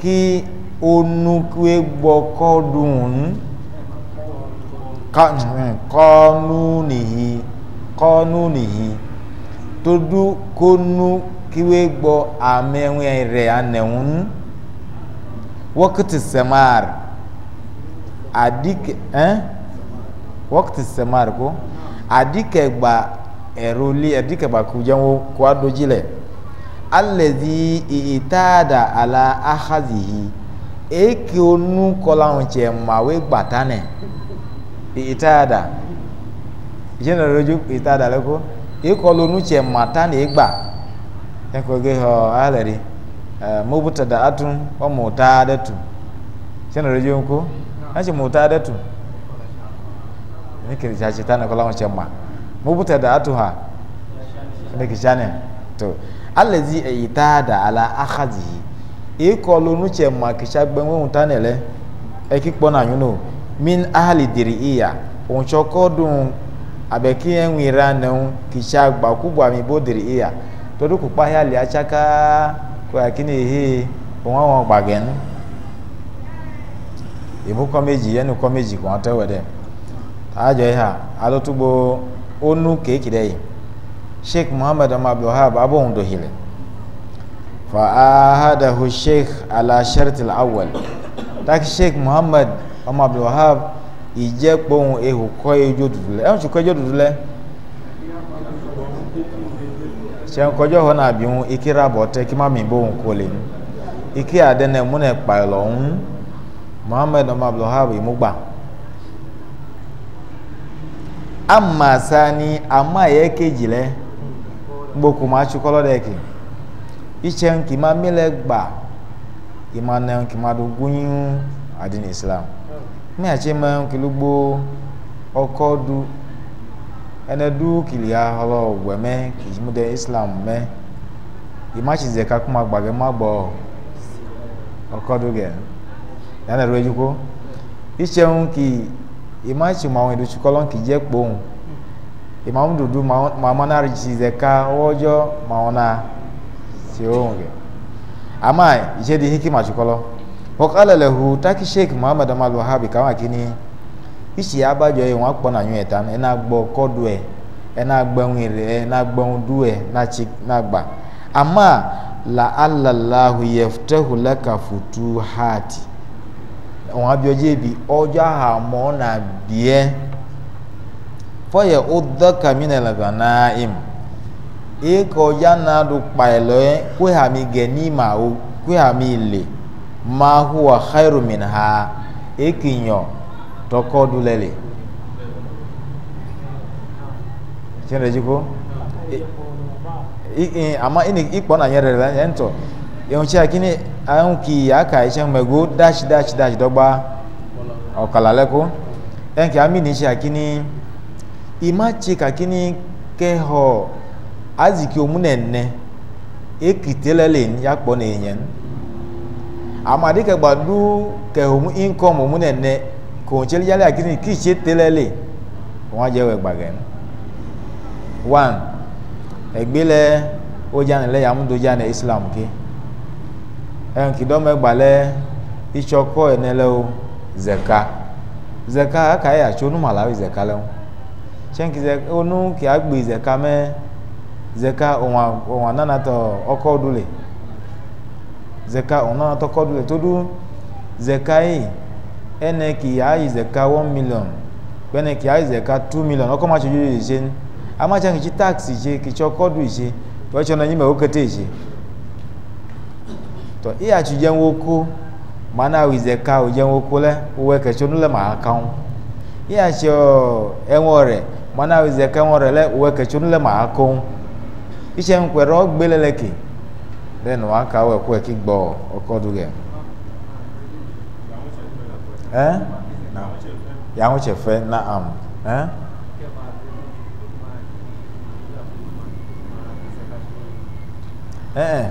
kí onu kí gbọ́ kọ́ dùn kọ́nú nìyí kọ́nú nìyí tó dú kónú kí wé gbọ́ àmẹ́wìn rẹ̀ anẹ̀hún wọ́kìtì sẹ̀máàr àdìkẹ́ ẹ́ wọ́kìtì sẹ̀máàr kó àdìkẹ́ gbà ẹ̀rọ lé ẹ̀dí kẹ̀bàkú jẹun kó a dojú lẹ̀ alẹ́dí ìtaàdà àlà ahazìhì èkì onú kọláhùn jẹ màwé gbàtà nẹ ìtaàdà ìṣe náà lójú ìtaàdà lẹ́kọ́ èkọlù onú jẹ màtà nẹ gbà ẹ̀kọ́ gé ọ alẹ́rí mọ́bútàdà àtún ọmọ tààdẹ́tù ìṣe náà lójú ńkọ́ láti mọ̀ tààdẹ́tù ní kìrìtì àṣetánà kọláhùn jẹ màá. mubtada'atuha daga shanin to allazi ayitada ala akhadhihi ikọlu nuche ma kisha gbenwe hutanele ekikpo na yuno min ahli diriya onchokodun abeki enwira neun kisha gbakugba mi bo diriya todo ku pa ya li achaka ko akini he won won gbagen ibu komeji yenu komeji ko tewede ajo ha alotugbo onu keeki dɛ yi sheikh muhammad abdulhab abohun do hile fa ahadahu sheikh ala sharti awal taki sheikh muhammad abdulhab ìjẹ́ kpohun ehu kọ́ ejò dudu lẹ ẹ̀ ń sùn kọ́ ejò dudu lẹ ṣe ń kọjọ́ hàn àbí ń ìkíra bọ̀ tẹ́ kí má mi bóhun kò lè ní ìkí àdẹ́nẹ̀ múnẹ̀ pàlọ́ abdulhab ìmúgbà. ama sani ama yɛ kedzi dị gboku ma tsi kɔlɔ ɖe ke itse ŋki ma mi gba ima nɛ ma do gunyu adini islam mi atsi mɛ ŋki lugbo ɔkɔ du du kilia ɔlɔ wɛ mɛ kìí mu ɖe islam mɛ chi ze ka kakó ma gbagɛ ma gbɔ ɔkɔ du gɛ yanni ɛdó edziko itse ŋki. imachi mawon idu chukolon ki je kpohun imam dudu mamana richi zeka ojo maona ti ohun ge ama ise di hikima chukolo wakala lehu taki sheik muhammad amal wahabi kama kini isi abajo e won pona yun etan e na gbo kodu e e na gbo ire e na gbo du e na chi na gba ama la allallahu yaftahu laka wọn abiodze bi ọjọ ahamọ na abịa fọyọ ụdọ kamina lagana im eke ọjọ na do kpailọ yẹ kwehami gẹni ma o kwehami le ma huwa khairu min ha eke nyọ tọkọ dulẹ le tiẹn dẹ ama ikpọ na nyẹ dẹ lẹ ẹntọ. ìhunṣe àkíní àwọn kì í àkà iṣẹ́ mẹ́gbó dash dash dáṣì dọ́gba ọ̀kàlà lẹ́kọ́ ni amíní ṣe àkíní ìmáṣe kàkíní kẹ́họ̀ azìkì òmùnẹ̀nẹ́ èkìtẹ́ lẹ́lẹ̀ yàpọ̀ nìyẹn àmàdíkẹ̀gbàdú kẹ̀họ̀mù ínkọ́mù òmùnẹ̀nẹ́ kòhùnṣe yálẹ̀ àkíní kì í ṣe tẹ́lẹ̀lẹ̀ wọ́n á jẹ́ wẹ̀ gbàgẹ́ one ó jáde islam kéé. ẹnkìdọ́mọ ẹgbà lẹ ìtsọkọ ẹnẹlẹ zeka zẹka aka ya tso numalawi Zeka, lẹ o onu kìá gbé zeka mẹ zeka òwọn òwọn ananatọ ọkọ du le zeka òwọn ananatọ ọkọ du le tó du zẹka yìí ẹnẹ kìá million million ọkọ ma tso yóò yìí tse nu amatsẹnki taxi du tɔ iya tsi dze ŋwoko mana awi ze ka dze ŋwoko lɛ wòwɔ kɛtsɛ nu lɛ ma ka ŋu iya tsi ɔ ɛŋɔ rɛ mana awi ze ka rɛ lɛ wòwɔ kɛtsɛ nu lɛ ma ka ŋu itse ŋkpɛ rɔ gbe lɛ lɛ ke lɛ nu aka wɔ ɛkò ɛkì gbɔ ɔkɔ do gɛ ɛ Yaŋu tse fɛ na am ɛ. Eh.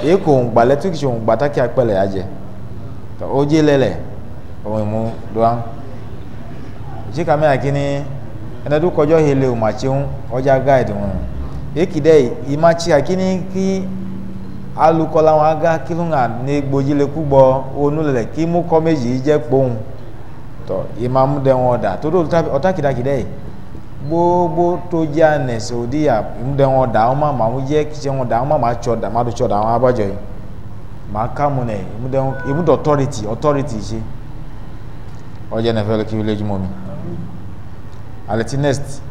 eko ŋugba lɛ tukitsi ŋugba taki akpɛ le yadze tɔ odze lɛ lɛ omu doa tsi kame akini ɛnɛ do kɔdzɔ hele o matsi ŋu ɔdza gaidi ŋu eki dɛ imatsi akini ki alu kɔla aga kilo ŋa ne gbodzi le kugbɔ onu lɛ lɛ ki mu kɔmedzi dze kpoŋu tɔ imamu dɛ ŋu ɔda to do gbogbo tó jẹ́ anẹ̀sẹ̀ òdi àmúdẹ wọn dà wọn máa wọn jẹ́ kíṣẹ́ wọn dà wọn máa tsọ dà máa tó tsọ dà wọn abájọ yìí máa kàmú nẹ ìmúdẹ wọn ìmúdẹ ọtọrìtì ọtọrìtì ṣe ọjọ́ ẹ̀ nẹ́fẹ̀ẹ́ kí wílé jùmọ̀ mi alẹ́tí next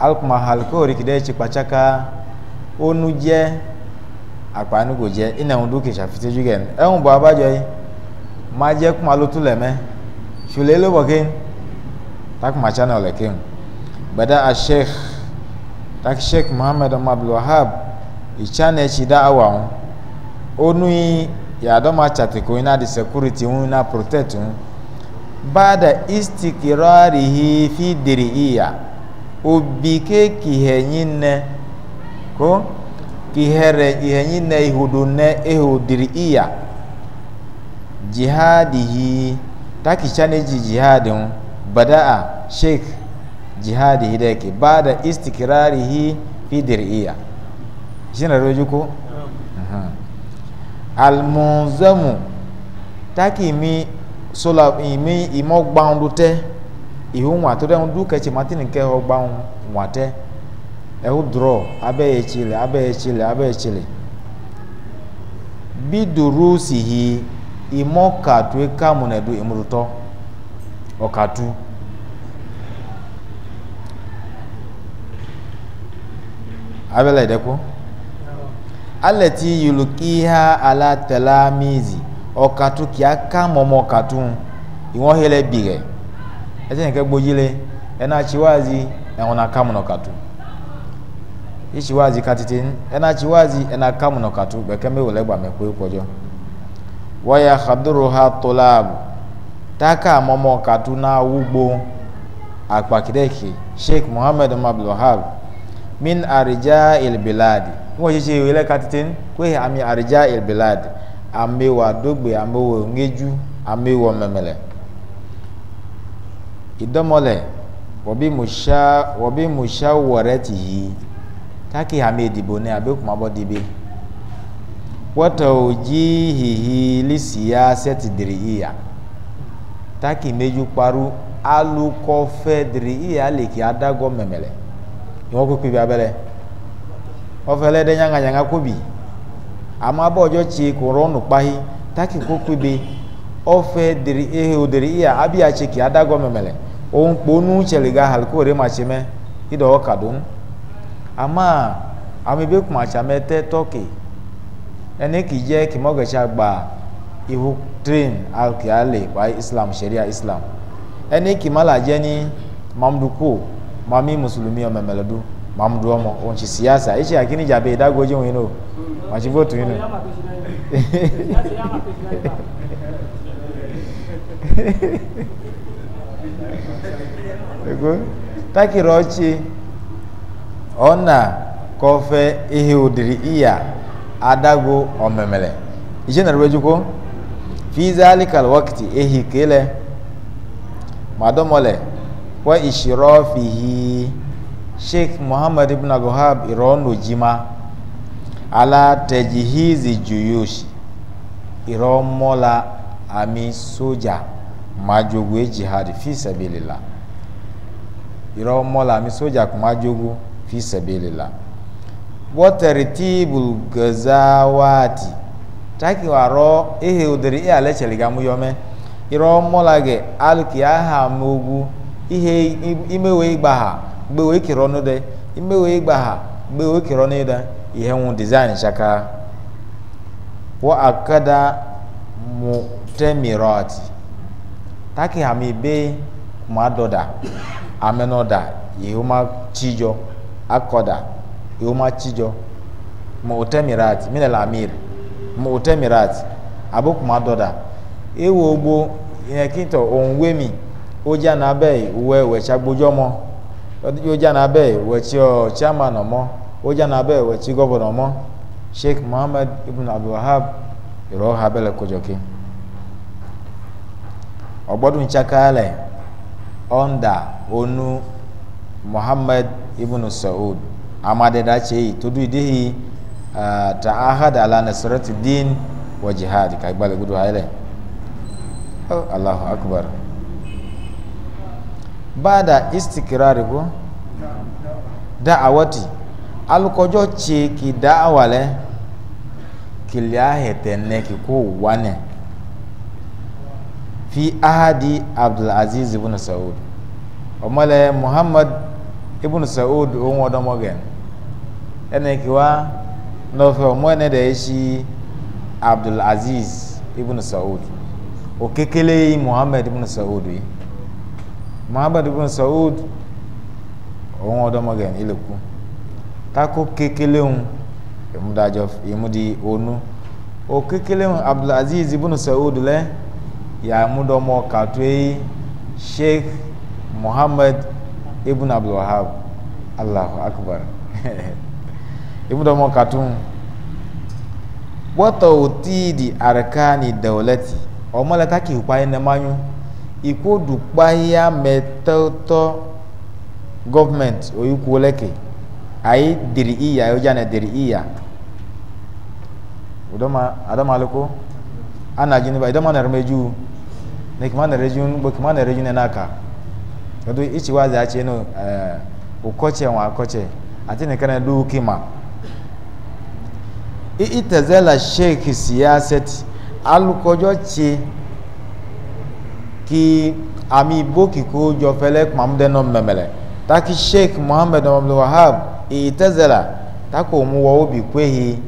alukuma alikóòrì kìdẹ́ tsi kpatsaka onu jẹ́ akpanugo jẹ́ ina ŋun dúkì sàfitì jùgẹ̀ ẹ̀ ń bọ̀ abájọ yìí máa jẹ́ kumalutu lẹ̀ mẹ́ sùlẹ̀ lóbọ̀ tak macana oleh kim bada a sheikh tak sheikh muhammad abdul wahab ichane chi da awa onui ya do ma chate ko ina di security un na protect un bada istiqrarihi fi diriya obike kihenyine ko kihere ihenyine ihudune ihudiriya jihadihi takichane ji jihadun bada'a sheikh jihadihi da yake ba da istikirarihi fi dir'iya shi na roji ko? almunzamu taki mi sola mi imo gbaun dute ihun wa to dẹun duka ce matinin ke ho gbaun wate ehu draw abe ye chile abe ye chile abe ye chile bi durusihi imo ka tuwe kamu na du imuruto ọkatu abẹ́lẹ̀ ìdẹ́kọ́ alẹ́tí yulukiha alatalamizi ọkatu kìí aka mọ́mọ́ ọkatu ìwọ́n hẹlẹ̀ bì rẹ̀ ẹsẹ̀ nìkẹ́ gbójúlẹ̀ ẹ̀nà chiwazi ena aka mọ́ ọkatu ichiwazi katiti ẹ̀nà chiwazi ẹ̀nà aka mọ́ ọkatu bẹ̀kẹ́ mẹ́wòlẹ́gbàmẹ́kọ́ ìkọjọ́ wọ́yà xadúró ha tọ́lá àbù. taka mɔmɔ kaduna wugbo akpakideki sheikh muhammed mabdulhab min arija ilbiladi ŋun tsitsi wele katiten koe ami arija ilbiladi amewa dogbe amewo ŋeju amewo memele idɔmɔlɛ wɔbi musa wɔbi musa wɔrɛ ti yi taki ame edibo ne abe kuma bɔ dibe wɔtɔ o hihi lisiya sɛti diri iya. taki meju kparu alu kɔfɛ diri iya le ki adagɔ mɛmɛlɛ ìwọ́n kó kpibi abẹ́lẹ́ ɔfɛ lɛ dɛ nyanga nyanga kobi ama bɔ ɔdzɔ tsi kò rɔnu kpahi taki kó kpibi ɔfɛ diri ehe o diri iya abi atsi ki adagɔ mɛmɛlɛ òun kponu tsɛliga hali kó re ma tsi mɛ idɔ ɔka do ŋu ama ame bi kuma tsi amɛ tɛ tɔki ɛnɛ kì í dze kì mɔgɛtsi agba. ihu train alkiale by islam sharia islam ẹni kìmọ́là jẹ́ ní mamduku mami musulumi ọmọ mẹlẹdu mamudu ọmọ òun ti siyasa iṣẹ akini jabe ìdágbójú òun yìí nù wọn ti fóòtù yìí nù. takiri ọchị ọ na-akọfe ihe ụdịrị iya adago omemele ije na-erubejukwu fi zalikal wakiti ehi kele madomole wa ishirofihi sheikh muhammad ibn agohab ironu jima ala tejihizi juyushi iromola ami soja majogu e jihadi fi sabilila iromola ami soja kumajogu fi sabilila wa tartibul gazawati taki waro ihe ehe ihe eya ga tsɛli iro yɔ mɛ aluki aha mogu ihe imewe igbaha gbewe kiro n'ude dɛ imewe igbaha gbewe kiro n'ida ihe ŋu design tsaka wɔ akada mu tɛmirɔti taki hami be kuma da amɛnɔ da yewo ma tsi dzɔ akɔ da mu mutemirat abokuma dɔda ewo gbo ìyẹnkìtọ ohun wémi ó na n'abẹ uwe ìwẹtsá gbójọ mọ ó ọmọ ó já n'abẹ ìwẹtsí gọvanọ mọ sheikh muhammed ibn abdulwahab ìrọ̀ha bẹ́lẹ̀ kọjọkí ọgbọ́dún onu muhammed ibn saud amadeda cheyi tó Uh, ta'ahad ala nasrati din wa jihad ka gbala gudu hayale oh, allahu akbar bada istikrari ko da'awati alukojo ce ki da'awale kiliya hetenne ki ko wane fi ahadi abdulaziz ibn saud omale muhammad ibn saud ohun odomogen ene ki wa nɔfɛ mɔɛnɛ de esi abdul aziz ibn saud o kekele yi muhammed ibn saud yi muhammed ibn saud òun ɔdɔmɔgɛ ileku tako kekele ŋu emudadzɔ emudi onu o kekele ŋu abdul aziz ibn saud lɛ yamudɔmɔ katoe sheikh muhammed ibn abdul wahab allahu akbar. *laughs* ibùdómọ kàtún ya òtíìdì àrẹ́kánì dẹ̀wọ̀lẹ́tì ọmọlẹ́ta kì í payé nẹ́mányú ìkódù payá diri gọ́fìmẹ̀ntì oyúkú lẹ́kẹ̀ ayé dèrè ìyá ayé ọjànà dèrè ìyá àdọ́màlẹ́kọ́ anájú níbà ìdọ́mà nàrẹ́mẹ́jú ní kìmá na gbọ́kìmá nàrẹ́jú nẹ́nà kà ọdún ìchìwázi àti ẹnu ọkọ̀chẹ̀ wọn akọ̀chẹ̀ àti nìkan itazala sheikh siyasati alukɔjɔ tse ki ami bokiko jɔfɛlɛ kumamude nɔm mɛmɛlɛ taki sheikh muhammed abdul wahab itazala tako muwɔwo bi kwehi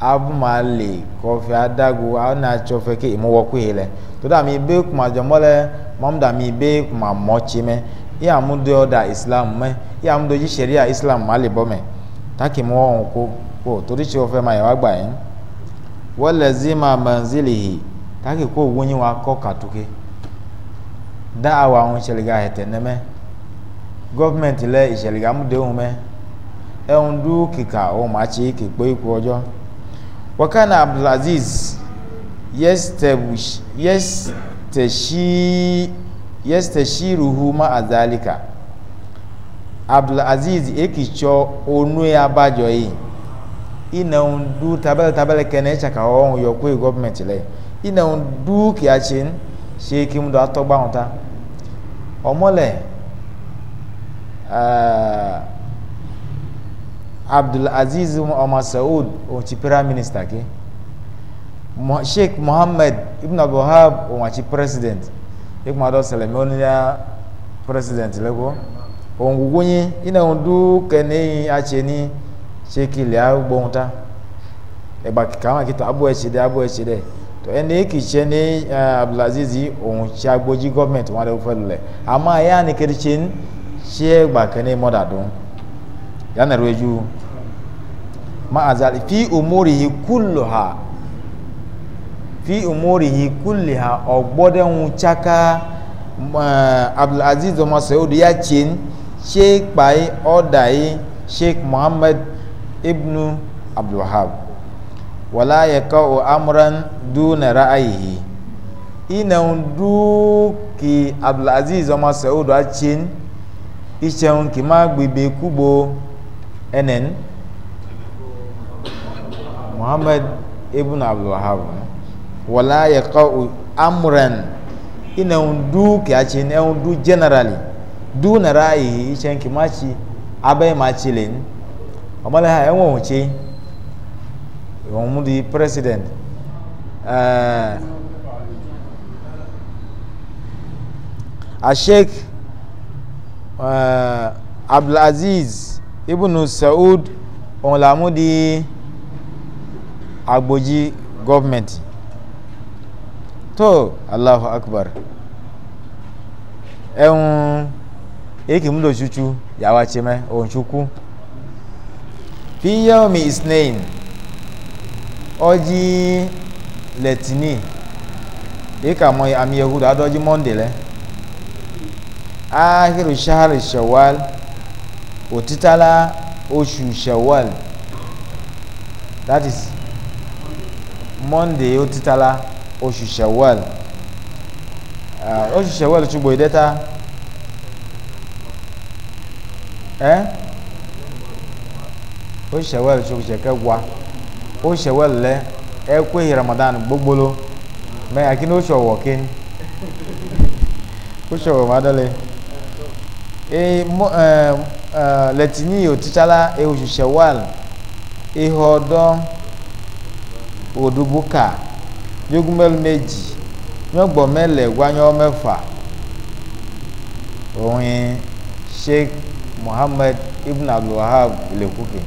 abuma le kɔfɛ adago ana tsɔfɛ ke imuwɔ kwehi lɛ to da mi be kuma jɔmɔ lɛ muhammed ami be kuma mɔtsi mɛ iya mu do da islam mɛ iya mu do yi sariya islam ma le bɔ mɛ taki muwɔwo ko. kó torí ṣe o fẹ́ máa yẹ wá gbà yín wọ́n lẹ̀ zí máa mọ̀ sí lè hì táàkì kó wọ́n yín wá kọ́ kàtúkè dá àwọn àwọn ìṣẹ̀lẹ̀gà ẹ̀tẹ̀ nẹ́mẹ́ gọ́fìmẹ̀ntì lẹ ìṣẹ̀lẹ̀gà múdéhùn mẹ́ ẹ̀hún dú kìkà òun máa ṣe kì pé ikú ọjọ́ wakana abdulaziz yẹ́sítẹ̀ṣíruhu má àzálìkà abdulaziz èkìtsọ onú abájọ yìí ina ŋun du tabali tabali kɛnɛ etsa ka wɔ ŋun yɔ koe gɔvmɛnt lɛ ina ŋun du kiatsin se kim do atɔ gbawo ta ɔmɔ lɛ eh, abdul aziz ɔmɔ saud ɔtsi prime minister ke mo sheikh mohammed ibn abdulhab ɔtsi president ekuma dɔ sɛlɛ mɛ ya president lɛ ko ɔngugunyi ina ŋun du kɛnɛ yi atsi ni ṣé kí ilẹ̀ á gbóhun tá ẹgbà káwọn kìtà abú ẹ̀ṣẹ̀ dẹ abú ẹ̀ṣẹ̀ dẹ tó ẹni kì í ṣe ní abdulaziz òun ṣe agbójí gọ́ọ̀mẹ̀ntì wọn lẹ́wọ́ fẹ́ẹ́ lulẹ̀ àmọ́ ẹ̀yà ànìkiri ṣe ń ṣe ẹgbà kẹ́ni mọ́dà dùn yánà rẹ̀ ju ma azali fi umuri hi kullu ha fi umuri hi kulli ha ọgbọ́dẹ̀ ń chaka abdulaziz ọmọ sẹ́wọ́dì yá ṣe ń ṣe pàì ọ̀dà yìí sheikh muhammed ibnu abdulwahab wala yaka o amuran duna ra'ayihi ina duki abdulaziz ọmọ saudu achin icheun kima gbebe kubo enen muhammad ibn abdulwahab wala yaka o amuran ina duki achin ehun du generally duna ra'ayihi icheun kima ci abai ma cilin ọmọlẹ ha ẹwọn òkye ìwọn mu di president ẹẹ eh, asheik ẹẹ eh, abdulaziz ibùnú saud òun là mu di agboji gọọmenti tó alahu akbar ẹ̀hún èkìmúlò tuntun yàwá tsemẹ òun tún kú fi yaomi isnain ọjí lẹtini ika mọ àmì yahudu adọjí monde lẹ ahiru shahari shawal òtítàlá oṣù shawal that is monday Otitala oṣù shawal ah, oṣù shawal ṣùgbọ́n ìdẹ́ta ẹ́. Eh? oshewel chukwucheke gwa oshewel le ekweghị ramadan gbogbolo me akini oshowo kin oshowo madole e mo eh uh, letini otichala e oṣù shewal ihe ọdọ odubuka yogunmelu meji mele mẹlẹ gwanyọ mefa òun sheikh muhammed ibn abdulwahab lekukin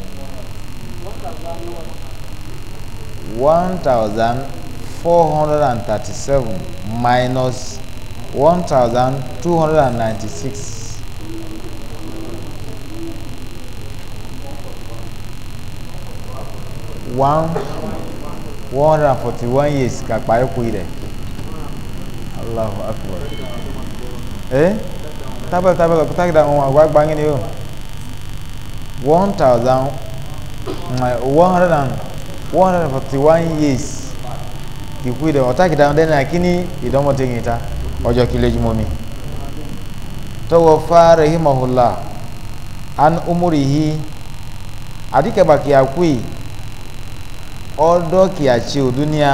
1437 minus 1296. one one hundred forty one years kàkpà ẹ̀kú rẹ̀ allahu akbar ẹ̀ tábìlì tábìlì ọ̀pọ̀ tágídà wọn àgbà gbangin ni o one thousand one hundred and one hundred forty one years kìkú ìdẹ̀ ọ̀tá kìtà ọ̀dẹ́ náà kí ní ìdánmọ̀tẹ́yìn ta ọjọ́ kí lẹ́jùmọ́ mi tọwọ́ fáre himahula an umurihi adikaba kìyàkúì ọdọ́ kìyàchi òdúnìá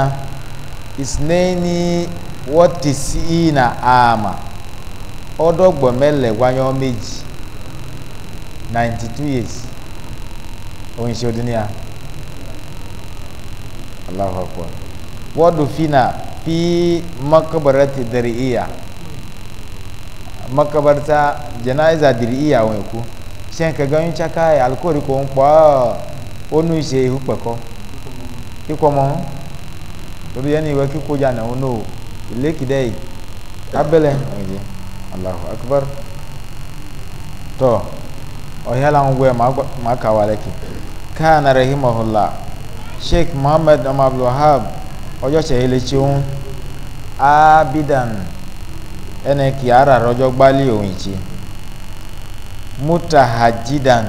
ìsìnẹ́ni wọ́tí sí na àmà ọdọ́ gbọ̀mẹ́lẹ̀ wáyọ́ méjì ninety two years òyìnṣẹ́ òdúnìá. Allahu akbar wadufina fi makabarati dari'iya makabarta janaiza dari'iya wọn ku ṣe nka ganyin chaka ya alkori ko n pa onu ise ihu pẹkọ kíkọ mọ torí yẹn ni ìwé kíkọ jà náà ono ìlékìdẹ yìí abẹlẹ ẹjẹ Allahu akbar tọ ọ̀yẹ́ làwọn gbé màá kà wà lẹ́kì káà nà rahimahullah sheikh muhammed ọmọ abdulwahab ọjọ́sẹ̀ elétí ohun abidan ẹnẹ kìára rọjọ́ gbálí òun ìtì mutahajidan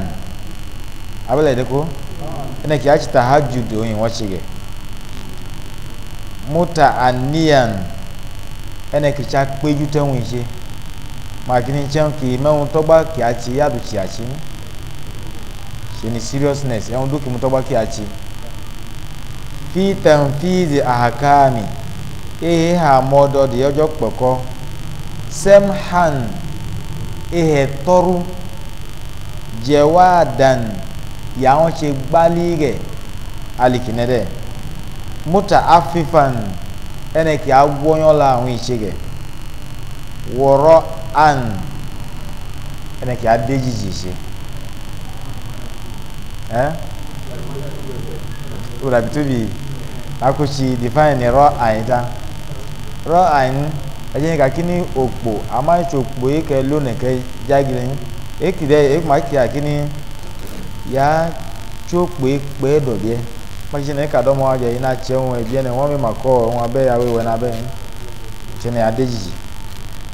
abẹ́lẹ̀ ẹ̀dẹ́kọ́ ẹnẹ kìá ti tahajud òun ìwọ́n ti gẹ̀ mutaaniyan ẹnẹ kìá péjú tẹ́hun ìtì màkìní tẹ́hun kì í mẹ́hun tọ́gbà kìá ti yàdùtì àti ṣe ni seriousness ẹ̀hun dúkìá mú tọ́gbà kìá ti fi tanfizi ahakami ehe ha mɔdɔ de yɔdzɔ kpɔkɔ semhan ehe tɔru jɛwaadan yawo tse gbaligɛ alikinɛ dɛ muta afifan ɛnɛ kì agbɔnyɔ la ahun itse gɛ wɔrɔ an ɛnɛ kì adedzidzi tse ɛ. Eh? urabito bi akusi define ni rọ anyi ta rọ anyi ɛdini kaki okpo ama tso okpo yi kɛ lónìí kɛ dzagilẹ eki dɛ ekuma kini ya tso okpo yi kpɛ dɔbiɛ kpɛtsi ne ka dɔmɔ yina tse ŋu ne mi ma kɔ ŋu abe yawe wɛ nabe tse ne ade dzidzi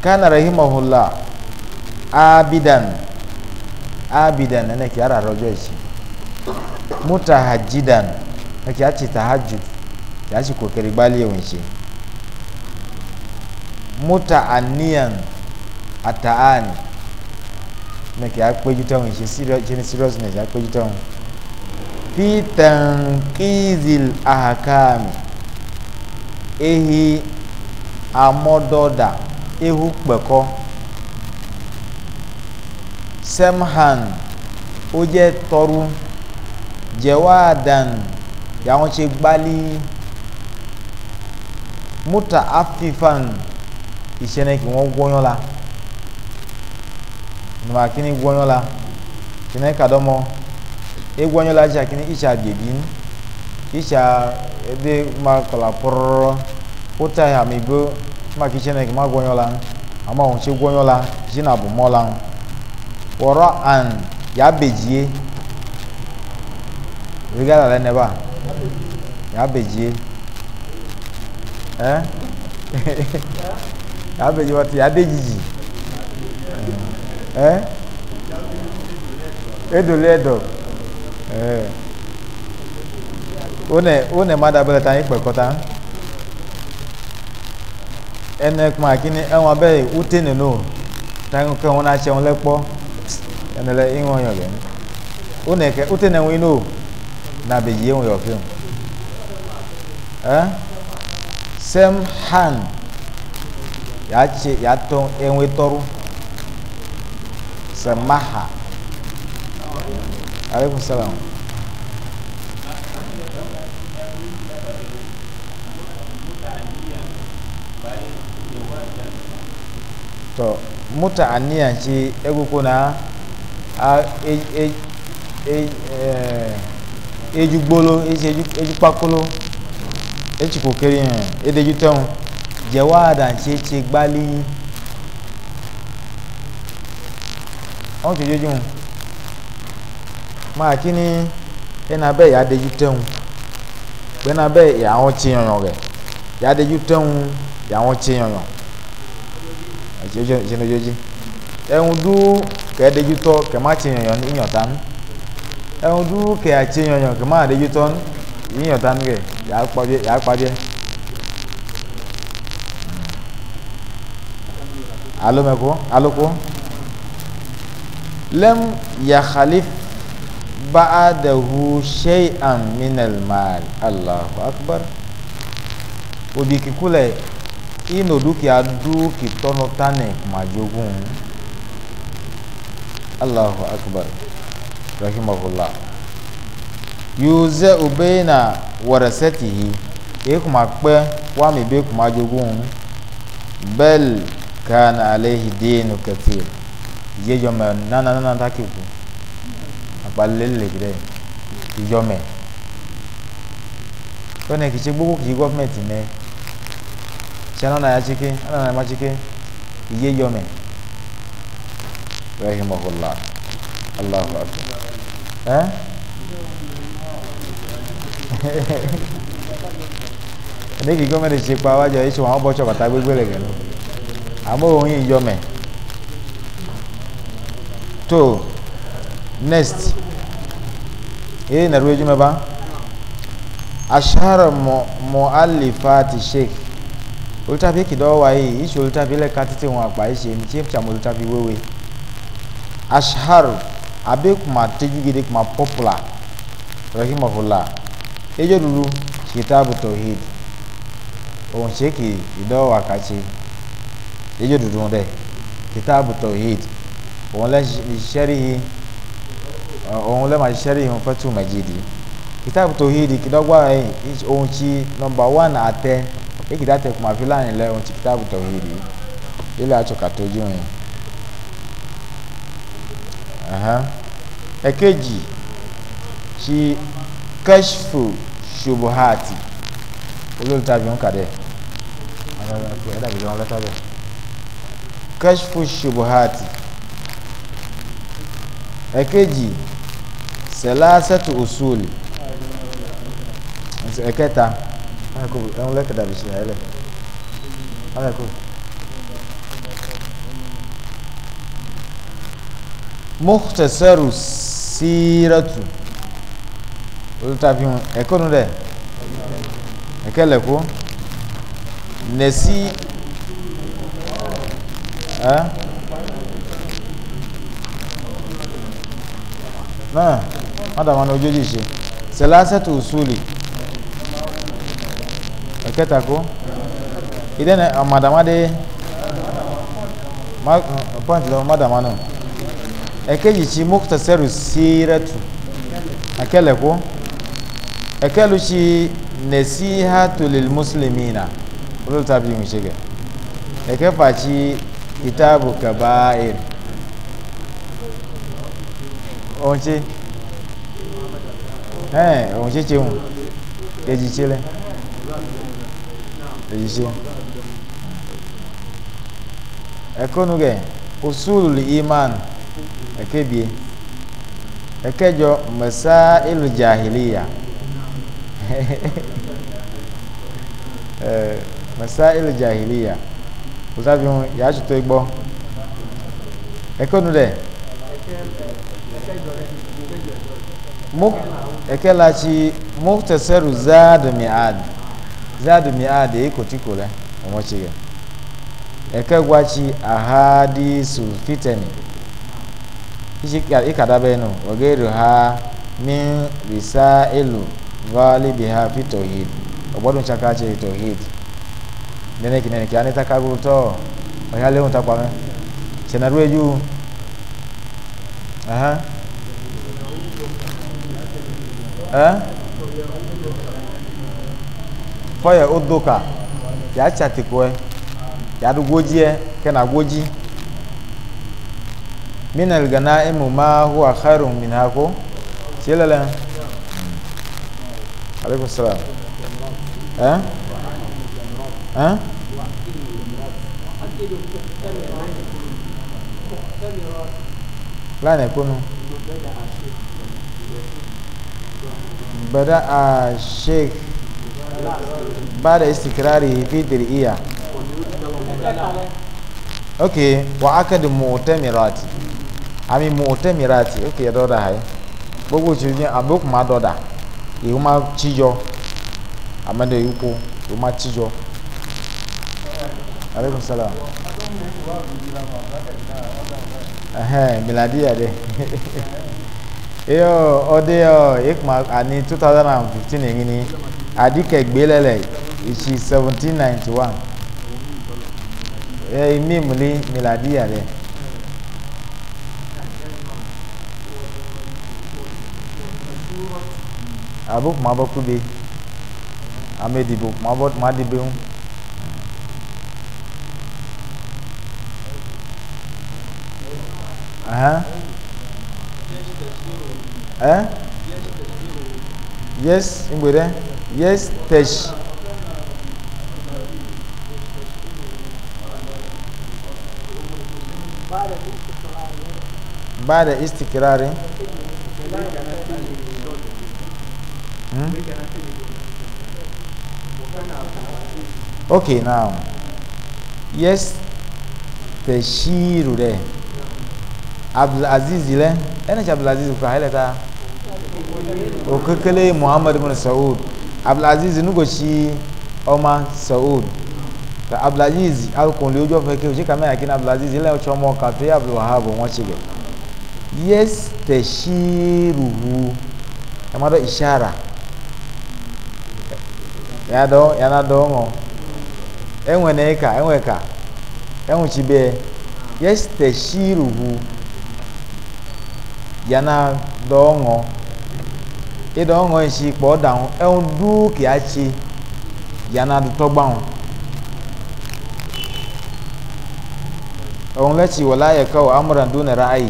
kana la abidan abidan ara kiachi tahajud kiachi kukiribali wenche mutaaniyan ataani na kìí apéjú táwọn ìṣe ṣe ní seriousness apéjú táwọn fi tankizil ahakami ehi amọdọdà ehu pẹkọ semhan ó jẹ tọrú jẹwàdàn yawanci gbali muta afifan isene ki wọn gbɔnyɔ la kini gbɔnyɔ la kini kadɔmɔ egbɔnyɔ la isa kini isa gbedin isa ebe ma kɔla pɔrɔrɔ kota ami bo ma ki isene ki ma gbɔnyɔ la ama wọn tse gbɔnyɔ la isena bomɔ la wɔrɔ an yabedzie rigala lɛ neba yabeji eh yabeji wati yadejiji eh edole edo eh one one madabele tan ipekota ene kuma kini ewon abe utene no tan ko won a se won lepo ene le iwon yo le one ke utene won ino na bɛ yie wɔn yɛ ɔfin ɛn eh? sɛm han yàtse yàtɔ ɛnwé tɔrò sɛmaha aleykum salaam. tɔ muta aniyan tsi egu na a e e e ɛɛ. Eh, eju gbolo esi eju eju kpakolo etsi kokeri hã edeju tɛŋ dzewa aɖatsietse gbali ɔtsi dzodzo maa kini ena be ya deju tɛŋ gbena be yawo tsi nyɔnyɔ gɛ ya deju tɛŋ yawo tsi nyɔnyɔ etsi dzodzo etsi dzodzo eŋu du kɛ deju tɔ kɛ ma tsi nyɔnyɔ ni nyɔta nu ẹ̀hún dúró kẹ̀ àti yanyan kì máa dé yútọ́n yíyan tán kẹ̀ yàá pàdé. alomeko aloko lẹ́m yàkàlíf ba'adahu shay'an minal mal allahu akbar obi kikulẹ̀ ino dúkìá dúkìtọ́nù tánẹ̀ kùmàjogún allahu akbar rahimahullah yuze ubeina warasetihi ekuma kpɛ wami be kuma jogun bel kana alehi deenu katir yejɔmɛ nana nana ta keku akpalele legrɛ yijɔmɛ kɔnɛ kitse gbogbo kii gɔvmɛnti nɛ tiɛnɛ nana ya na nana ma tsike yejɔmɛ rahimahullah allahu akbar. eh? n'ihi gọọmenti chekwa wajọ ịchụ ha ụbọchị ọbata gbegbere gịnụ amaghị onye ijome to next ee na ruo ejumeba ashara mu'allifati sheikh olùtàbí kìdọ́wà yìí ìṣòlùtàbí lẹ́ka títí wọn àgbà ìṣe ní chief chairman olùtàbí wéwèé ashara abe kuma teju gidi kuma popular rahimahullah ejo dulu kitabu tawhid ohun ṣe kì ìdánwò àkàṣe ejo dúdú rẹ kitabu tawhid òun lẹ ṣẹríhi òun lẹ máa ṣẹríhi òun fẹtù mẹjìdì kitabu tawhid kìdọgba eh, ohun ṣi number one àtẹ ekìdá tẹ kùmà fi láàrin lẹ ohun ṣi kitabu tawhid ilé àtúkà tójú yìí ẹ̀kejì ṣe kẹ́ṣfù ṣubuhati olóòtú ń kàdé ẹ̀dàbí lọ́wọ́ lọ́tà bẹ́ẹ̀ kẹ́ṣfù ṣubuhati ẹ̀kejì sẹ̀láṣẹ́tù òṣùlì ẹ̀kẹta ẹ̀kọ́ ẹ̀hún lẹ́kẹ̀dàbí ṣe ẹ̀lẹ́ ẹ̀kọ́. mukhtasaru síratu olùtàfihàn ẹ̀kọ́ nu dẹ̀ ẹ̀kẹ́ lẹ́kọ́ nẹ̀sí ẹ́ náà mádàmá ni ojú ìṣe sẹlásẹ́tù usuli ẹ̀kẹ́ta kó ìdẹ́nà mádàmá dé pọ́ǹtì lọ́wọ́ mádàmá náà ekeji tsi muktasaru siiratu akele ko ekelu tsi nesihatu lil muslimina olu ta bi ŋun tsege ekefa tsi kitabu kabair ohun tsi ɛn ohun tsi tsi ŋun keji tsi lɛ keji tsi ekonu usulul iman ekebie ekẹjọ mẹsa ilu jahiliya *laughs* eh, mẹsa ilu jahiliya musafi hun yaa tutu igbọ ekenu dẹ ekelachi muktasaru zaadu mi'ad zaadu mi'ad eyi kotiko lẹ ọmọ chigẹ ekegwachi ahadisu fitani ikadabe nu ogeru ha min risa elu ghalibi ha fi tauhid ogbodun chaka che tauhid nene ki nene ki anita kaguru to oya lehun ta kwame senaru eju aha eh foye odoka ya chatikwe ya dugwoji e ke na gwoji من الغنائم ما هو خير منها كو سيلا لا عليكم السلام ها ها لا نكون بدأ الشيخ بعد استقراره في درئية اوكي وعقد مؤتمرات ami mu'tamirati oke okay, e dɔda ha yi gbogbo tsi ni abe kuma dɔda yewu ma tsi dzɔ ame ɖe yi ko yewu ma tsi dzɔ aleykum salaam ɛhɛn miladi ya de ode ɔde ɔ ekuma ani two thousand and fifteen eŋini adike gbe lɛ lɛ etsi seventeen ninety one ɛɛ e, mi muli miladi ya de. abo kuma bɔ ku de ame dibo kuma bɔ kuma di be ŋu. ɛ yes ngbe dɛ yes tesh. بعد استقراره okay now yes the shiru de. rẹ Aziz lẹ ẹnna ṣe abdulaziz kura ayẹlẹ ta okekele muhammadu bin saud abdulaziz nugosi ọma saud ta Aziz alukunle ojú ọfẹ kí o ṣe kàmẹ́ àkínní abdulaziz ilẹ̀ ọ̀ṣọ́ ọmọ kàfé abdulwahab wọ́n ṣe bẹ̀ yes teshiru hu ẹ̀ e má dọ̀ ìṣára ya do ya na do mo enwe na eka enwe ka enwe e chibe yestashiruhu ya na do mo ido ngo e nshi e po down ehun du ki achi ya na du to gbaun ohun lati wala ya kawo amuran duna ra'ayi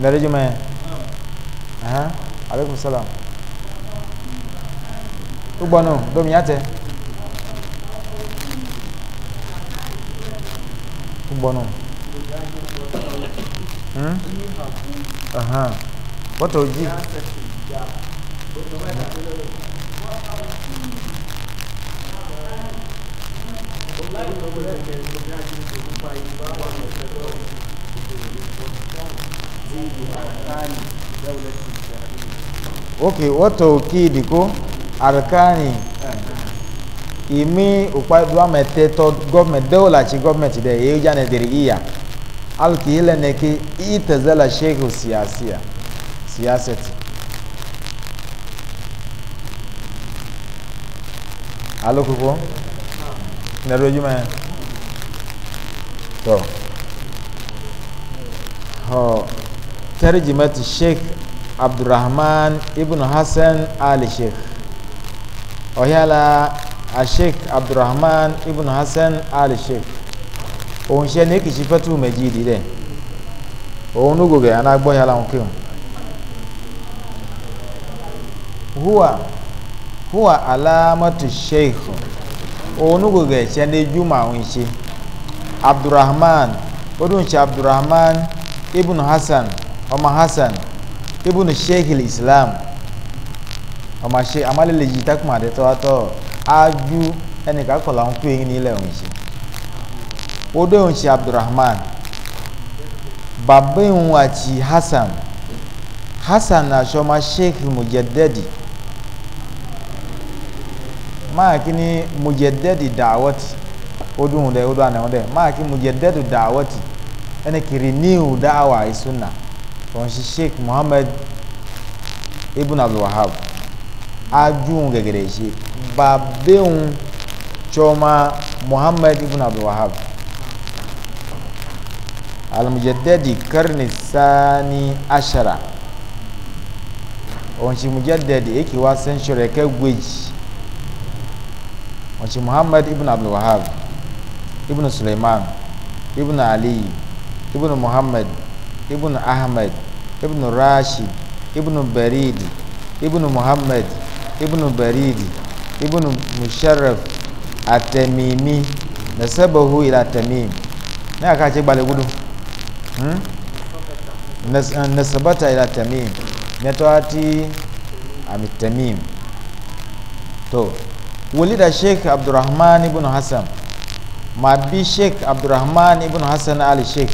na rajima eh alaikum salam ugbọnọ domiyate ugbọnọ hmm aha bọtọ oji okay what to kid ko arkani imi ukpa duame te to government de la chi government de ye jane diri iya alki ile ne ki itazala shehu siyasiya siyasati alo kuko nero juma to ho tarjimati sheikh abdurrahman ibn hasan ali sheikh ọ̀yàlá asheik abdulrahman ibn hasan ali sheik òun ṣe ní kìsí fẹ́tù méjì ìdílé òun lógògè anágbọ́ yàrá òun kéwòn huwa huwa alamatu sheik òun lógògè ṣe ní juma òun ṣe abdulrahman odun ṣe abdulrahman ibn hasan ọmọ hasan ibn sheik islam ọmọṣe amálẹ̀lẹ̀ yìí tẹ́kùn àdẹ́tọ́wátọ́ ájú ẹnìkan kọ̀ọ̀lá ń kú eyín nílẹ̀ òun ṣe odò òun ṣe abdulrahman bàbá òun àti hasan hasan àṣọmọ sheikh mujadedi máa kí ni mujadedi dàwọ́tì odò òun dẹ odò àná òun dẹ máa kí dàwọ́tì ẹni kiri níhù dáwà ìsúná òun ṣe sheikh muhammed ibn abdulwahab ajun gẹ̀gẹ̀dẹ̀ choma Muhammad tsọ́mà muhammed ibn abdulwahab almujaddadi karni sani ashara onse mujaddadi eke wa century eke gweji onse muhammed ibn abdulwahab ibn suleiman ibn ali ibn muhammad ibn ahmed ibn rashid ibn baridi ibn muhammad ibnu baridi ibnu musharraf atamimi nasabahu ila tamim ne aka ce gbale gudu hmm? Nas, uh, nasabata ila tamim metawati ami tamim to wulida sheikh abdurrahman ibn hassan ma bi sheikh abdurrahman ibn hassan ali sheikh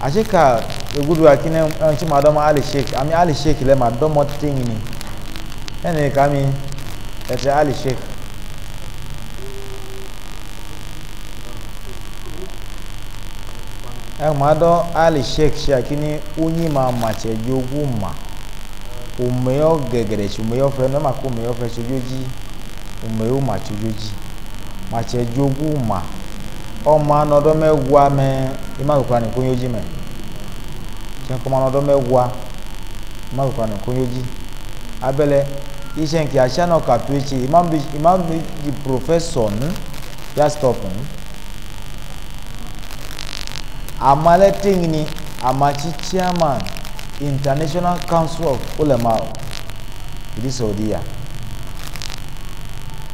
a sheikh a gudu akine ti ma domo ali sheikh ami ali sheikh le ma domo tingi ni yani kami yace ali sheikh ẹgbàdo e ali sheikh ṣàkíní unyi ma màtsẹ jogu ma omeyɔ gɛgɛrɛ tsi omeyɔ fɛ ne ma ko omeyɔ fɛ tsodzo dzi omeyɔ ma tsodzo dzi matsɛ jogu ma ɔma nɔdɔ mɛ wua mɛ ima kukura ni konyo dzi mɛ tiɛ kɔma nɔdɔ mɛ wua ima kukura ni konyo dzi abɛlɛ. ishenki ashano kapichi imam bi imam bi professor ya stop amale tingni amachi chairman international council of ulama ìdí saudiya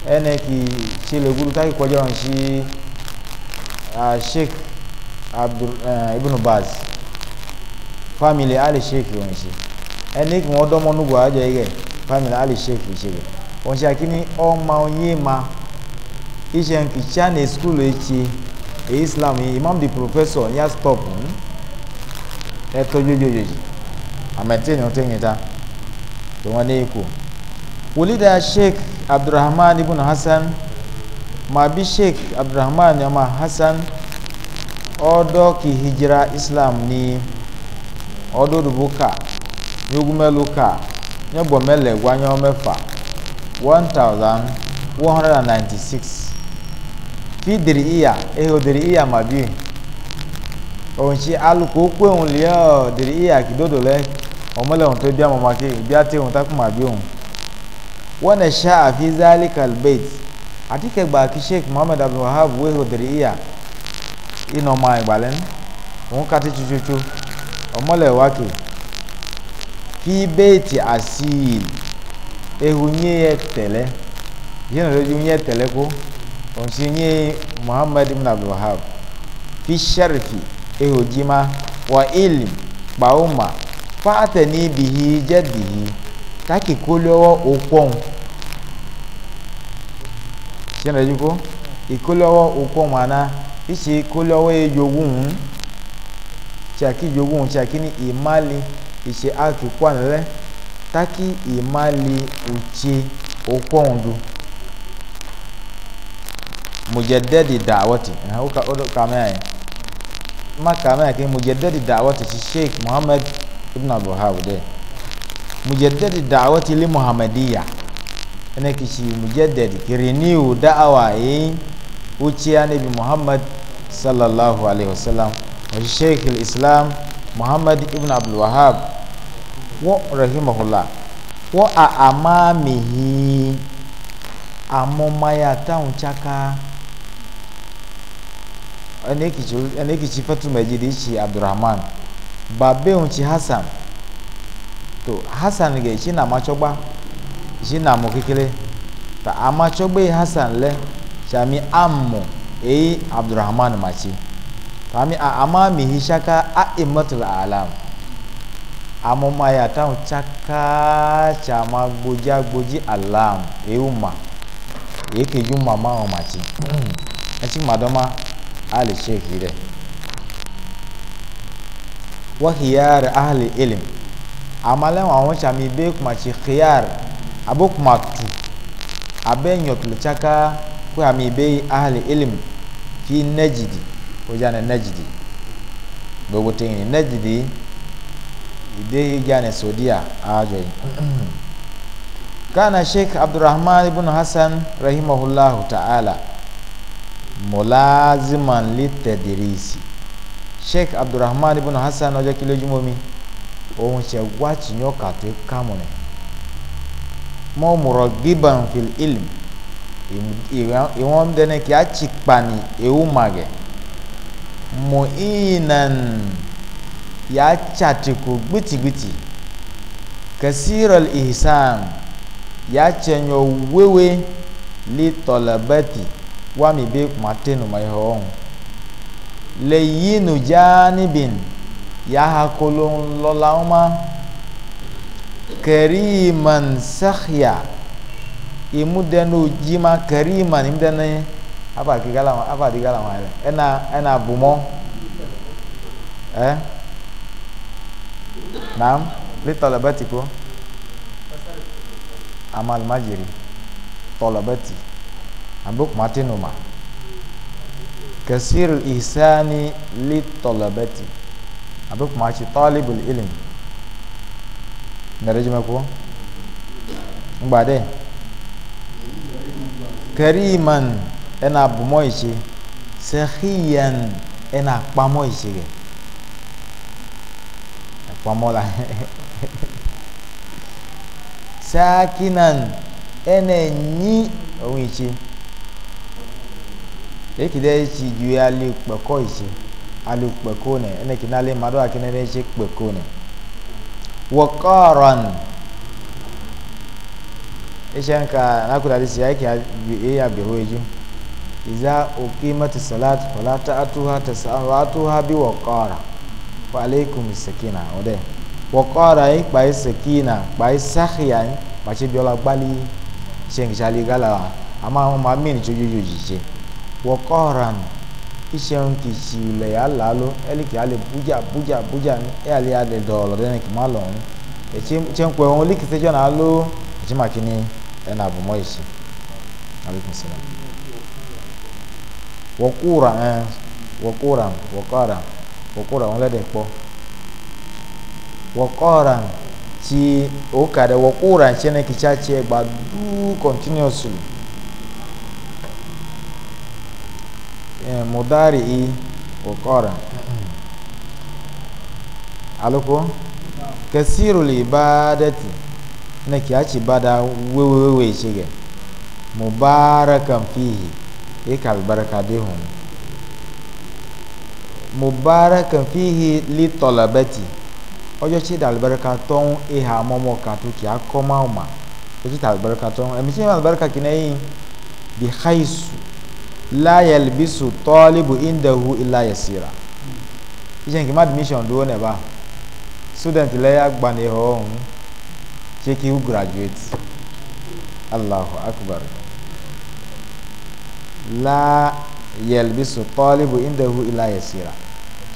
ẹnẹ kì í ṣe lè gbúdú táyì kọjá ọ̀hún sí sheikh abdul eh, ibn baz family ali sheikh ọ̀hún sí ẹnẹ kì wọ́n dọ́mọ́nú buhari jẹ́ family ali sheikh ishege onse akini ọma onyema ishe nkicha na skulu echi e islam imam di professor ya stop ẹtọ jojojoji amẹtẹni ọtẹnyita tó wọn ní ikú wòlídà sheikh abdulrahman ibn hasan màbí sheikh abdulrahman ọmọ hasan ọdọ kì hijira islam ní ọdọ òdùbò ká yogunmẹlú ká nye gbɔmɛlɛ gbanyɔ mɛfa one thousand one hundred and ninety six fi diri iya ehe diri iya ma bi òun tsi alukó kó òun liɛ ɔ diri iya kidodo lɛ ɔmɛlɛ òun tó bi amama ké bi ati òun takò ma bi òun wọn ɛhyɛ àfi zali kalbeit àti kẹgbà kí sheik muhammed abdul wahab wéhó diri iya inɔmọ ìgbàlẹ́nu òun kati tututu ɔmɛlɛ wákè. Kibeti bẹ́ẹ̀tì àṣìl ehu nye yẹ tẹ̀lẹ́ yẹn lọ ju nye tẹ̀lẹ́ kó òun sì nye muhammed ibn abdulwahab fi sẹ́rìfì ehu jimá wà ilim gbàwọ́mà fàtẹ̀ ní ibìhí jẹ́ bìhí táàkì kó lọ́wọ́ òpọ́n yẹn lọ ju kó ìkólọ́wọ́ òpọ́n wàná ìṣe ìkólọ́wọ́ ishe atu kwanle taki imali uchi ukondu mujaddadi dawati uka odo kamaya ma kamaya ki mujaddadi dawati shi sheikh muhammad ibn abdul wahhab de mujaddadi dawati li muhammadiyya ene kishi mujaddadi ki renew da'awa yi uchi ya nabi muhammad sallallahu alaihi wasallam wa sheikh al-islam muhammad ibn abdulwahab wọ́n rahimahullah wọ́n a amaamihi amọ́mayà táwọn chaka ẹni kìí fatumajid ìṣe abdulrahman babẹ́hùn ti hasan to hasan gẹ̀ ìṣe nà amachọgba ìṣe nà amọ̀ kékeré ta amachọgba hasan le, chami amọ̀ èyí abdulrahman machi kami a amamihi shaka a'immatul alam amoma ya taun chaka chama gboja gboji alam euma ekeju mama o mati ati hmm. madoma ali sheikh ire wa khiyar ahli ilm amale awon chami be kuma chi khiyar abokuma tu abenyo tulu chaka kwa mi be ahli ilm fi najidi ojane najdi gbogbo tingini najdi ide ijane sodia ajoy *clears throat* kana sheikh abdurrahman ibn hasan rahimahullahu ta'ala mulaziman litadrisi sheikh abdurrahman ibn hasan ọjọ́ kí lójúmọ́ mi òun ṣe wá tìyàn kàtó kàmùnẹ̀ mọ́ mọ̀rọ̀ fil ilm ìwọ̀n dẹni kí a ti pani ewu mage mu'inan ya catiku gbiti-gbiti kasiral ihsan ya cenyo wewe li tolabati wami be matinu mai hon leyinu janibin ya hakulun lolauma kariman sahya imudenu jima kariman imudenu apa di lama apa di lama ini enak enak bumo eh enam li ko amal majiri talabati ambuk mati numa kasir ihsani li talabati ambuk mati talibul ilm narejima ko mbade kariman ɛna bɔmɔ itse sɛhiyan ɛna kpamɔ itse kɛ kpamɔ la sakinan ɛna nyi ɔwɔ itse eki dɛ itse due ali kpɛkɔ itse ali kpɛkɔ nɛ ɛna kina ali ma do akina dɛ itse kpɛkɔ nɛ wɔkɔrɔn ishanka nakudadisi yake ya bihoju iza uqimat salat fala ta'tuha tas'an bi waqara wa alaykum sakina ode waqara yi pa e sakina pa e sakhya pa che biola gbali sheng jali gala ama ma min jujuju jije waqaran iṣẹ́hun kì í ṣe ilẹ̀ yà buja ẹ̀lì kì í alẹ́ bújà bújà bújà wọ́kúra ẹ̀ wọ́kúra wọ́kọ́ra wọ́kúra wọn lẹ́dẹ̀ kpọ́ wọ́kọ́ra tí o kà dẹ̀ wọ́kúra tí ẹni kìtsá tiẹ̀ gba dú continuously ẹ̀ eh, mọ̀dárì yìí wọ́kọ́ra aloko kẹsìrò lè bá dẹ́tì ẹni kìá tsi bá da wéwéwéwé tsi gẹ̀ mọ̀bára kàn fìhì yake albarka dai hun mubarakan fihi li tolabati ọjọ́ tí da albarka tọ́hún ìhà mọ́mọ́ kàtó kì á kọ́ máa mà ọjọ́ tí albarka tọ́hún ẹ̀mí sí albarka kì náà yìí bí haisu láyé bisu tọ́líbù ìndẹ̀hu ìláyé síra iṣẹ́ nkì má admission dúró nẹ̀ bá student lẹ́yà gbanihọ́ ọ̀hún ṣé kí ó graduate allahu akbar la yelbisu talibu indahu ila yasira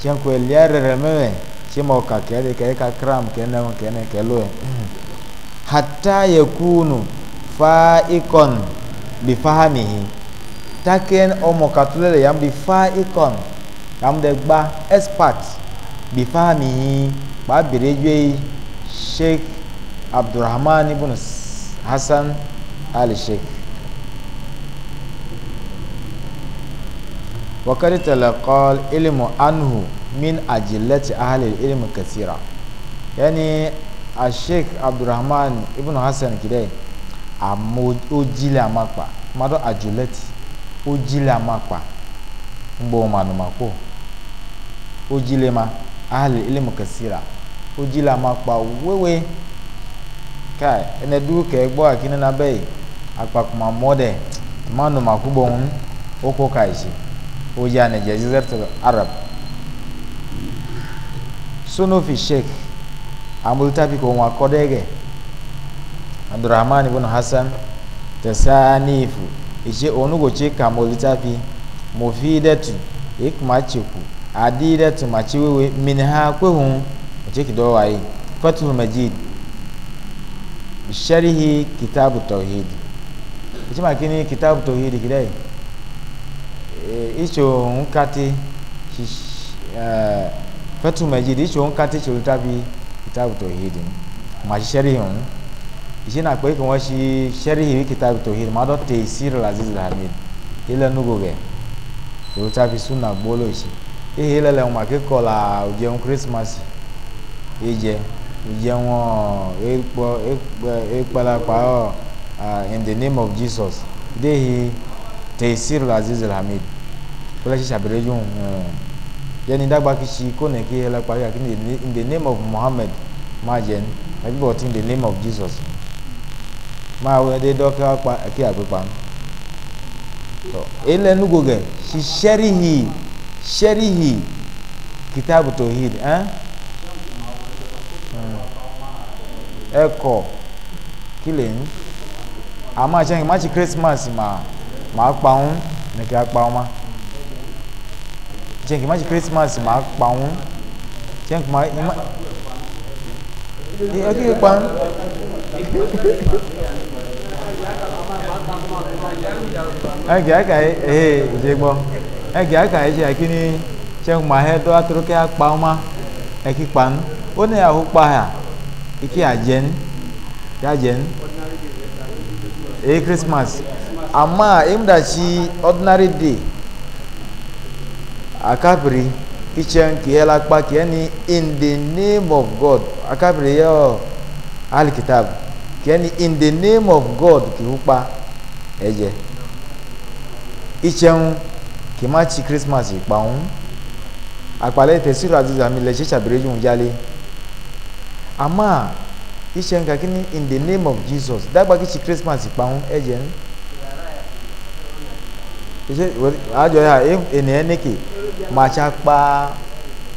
chen ko liarere mewe chimo ka kere ke ka kram kene kene kelo hatta yakunu faikon bi fahamihi taken omo katulele yam bi faikon yam de gba expert bi fahamihi ba birejwe sheikh abdurrahman ibn hassan al sheikh وقد تلقى العلم عنه من أجلة أهل العلم كثيرا يعني الشيخ عبد الرحمن ابن حسن كده أموجيل أمكبا ما دو أجلة أجيل أمكبا مبو ما نمكو أجيل ما أهل العلم كثيرا ووي kai ene du ke gbọ́ akínínà bẹ́ẹ̀ àpapọ̀ mọ́ dẹ̀ mọ́nu màkúbọ̀ ń ó yani jaziratul arab sunufi sheikh amultabi ko wa kodege abdurrahman ibn hasan tasanifu ise onugo che kamultabi mufidatu ikmachiku adidatu machiwewe minha kwehun che kidowa yi fatul majid sharhi kitabu tauhid ichima kini kitabu tauhid kidai Eh, icho nkati eh, fetu majid icho nkati cho tabi kitabu tauhid ma sharhi on ishina kwa iko wa shi sharhi kitabu tauhid ma do taysir al-aziz al-hamid ile nugo ge to tabi sunna bolo shi ihe ile le ma ke kola uje on christmas ije uje won epo epala e pa ah, in the name of jesus dehi taysir al-aziz al-hamid kple sisi yẹni dagba kisi kone ki hela kpari aki in the name of muhammed majen ebi but in the name of jesus maa wo de dɔkɛ akpa eki akpekpa tɔ ele nugo gɛ si sherihi sherihi kitabu tohid ɛn ɛkɔ kile ŋu ama sɛŋ ma ti christmas ma ma akpa ŋu neke akpa ŋu ma jẹ́ kí n má ṣe kírísímàsì máa pa wọ́n jẹ́ kí n má ẹ kí n pa ń. ẹgẹ ẹgẹ ẹhẹ ìṣe gbọ́ ẹgẹ ẹgẹ ẹṣẹ ẹkí ni jẹ́ kí n má ẹ dọ́ àtúrókẹ́ apá ọmọ ẹkí pa ń ó ní àhópa yà ìkí àjẹn yàjẹn èyí kírísímàsì àmọ́ èmi dà sí ordinary day akapiri kitchen kiela kpa kieni in the name of god akapiri yo alikitab kieni in the name of god kihukpa eje icheun kimachi christmas ikpaun akpale tesiru aziza mi leche chabireju njali ama icheun kakini in the name of jesus dagba kichi christmas ikpaun eje n ajo ya eniyaniki. E machakpa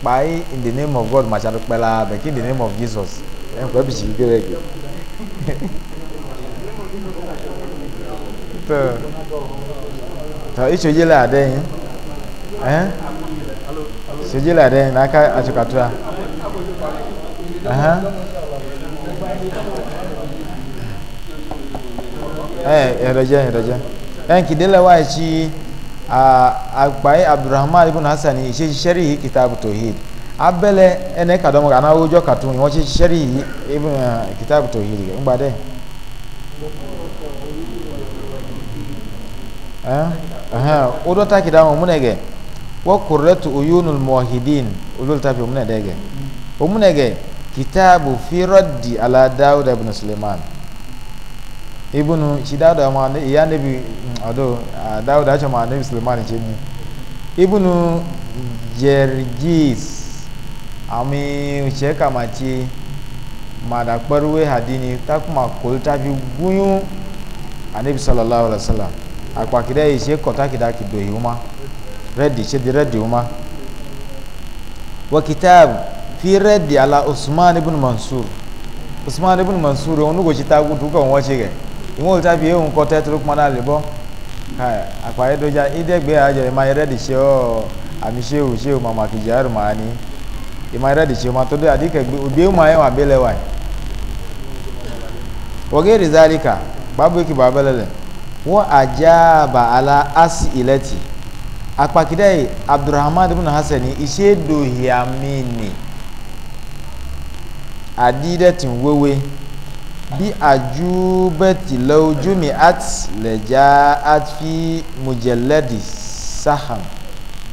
kpai in the name of god machakpala bẹẹ kí in the name of jesus ẹ n kọ́ bí sìkì kéré kì. tọ tọ ìṣòye la adé yín ẹ ìṣòye la adé yín n'aka àtúkàtúrà ẹ ẹ ẹdọjẹ ẹdọjẹ ẹ nkìdílẹ wáyé tí agbaye ah, abdulrahman ibn hasan yìí ṣe ṣiṣẹ́rì yìí kitabu tohid abẹ́lẹ̀ ẹnẹ kàdọ́mọ́ kàná ọjọ́ kàtún yìí wọ́n ṣe ṣiṣẹ́rì yìí ibn kitabu tohid ń gbadẹ́. o dɔ ta kida mun nɛgɛ wa kurɛtu uyunul muwahidin olu ta o mun kitabu fi rɔdi ala dawuda ibn suleiman ibnu shi dauda ma ya nabi ado dauda ce ma nabi sulaiman ce ni ibnu jergis ami ce kamace ma da hadini ta kulta kol ta fi gunyu anabi sallallahu alaihi wasallam akpakida yi se kota kida kido yi uma redi se di redi uma wa kitab fi redi ala usman ibn mansur usman ibn mansur onu go ci tagu duka won wace gai ŋo ta fi ehun kɔtɛ toro kuma na le bɔ akpari do dza idegbe adzɔ ima yɛ rɛ di se ɔ ami se o se o mama kidzi ayɔrɔ ma ni ima yɛ rɛ di se o ma ka babu ba bɛlɛ lɛ wo ala asi ilɛti akpakidɛ yi abdulrahman ibn hasan ise do hiamini adi dɛ bí àjúbẹ̀tìlẹ̀ ojú mi at lẹ̀já at fi mujẹ̀lẹ́dì saham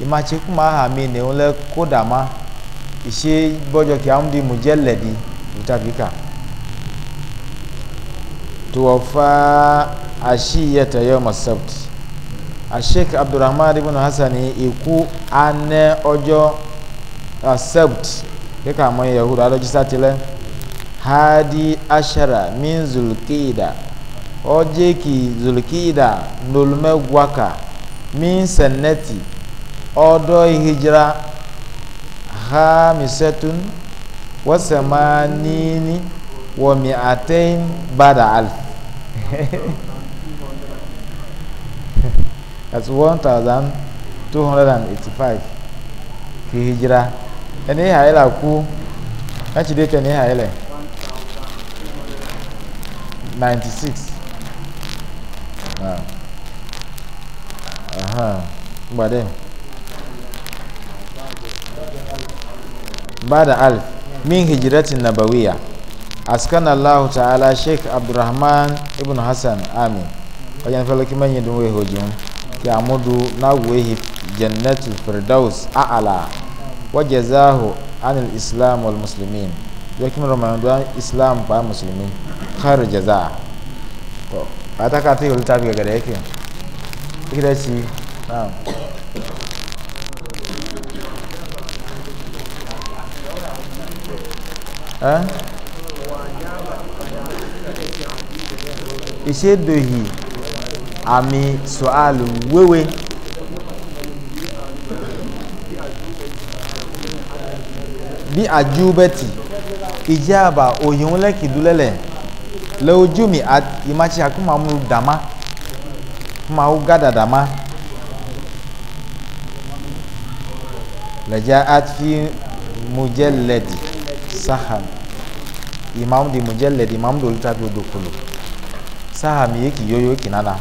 ìmàchekùmá àmì nìhun lẹ kódà má ìṣe bọ́jọ kí àwọn di mujẹ̀lẹ́dì mutafika tuwafa àṣìyẹtẹ̀ yọ masabt àṣek abdulrahman ibn hasan ikú anẹ ọjọ́ sabt kíkà mọ́ yahudu adọ́jú sátìlẹ́ hadi ashara min zulkida ki zulkida nolume gwaka min sanati odo hijira hamisatun wa samanini wa mi'atain bada alf *laughs* that's 1285 ki hijira ene haila ku na chideke ne haila 96. ninety six ah. gbadẹ bada alif min hijiratin nabawiya askan Allah ta'ala sheikh abdulrahman ibn hassan amin wajen falokin manyan dunwe hujjin ya mudu na wehi jannatul firdaus a'ala wajazahu anil islam wal muslimin yakin ramadan islam ba muslimin khairu jaza to ataka ta yi littafi ga yake yake da shi na'am eh ìṣèdòyì àmì sọ́àlù wéwé bí àjúbẹ̀tì ìjáàbà òyìnbó lẹ́kìdúlẹ̀lẹ̀ le ojú mi imatsi aku ma mu dama ma wo gada dama le dza afi mudze ledi imam di mudze ledi imam do luta do dokolo saham yeki yoyo kinana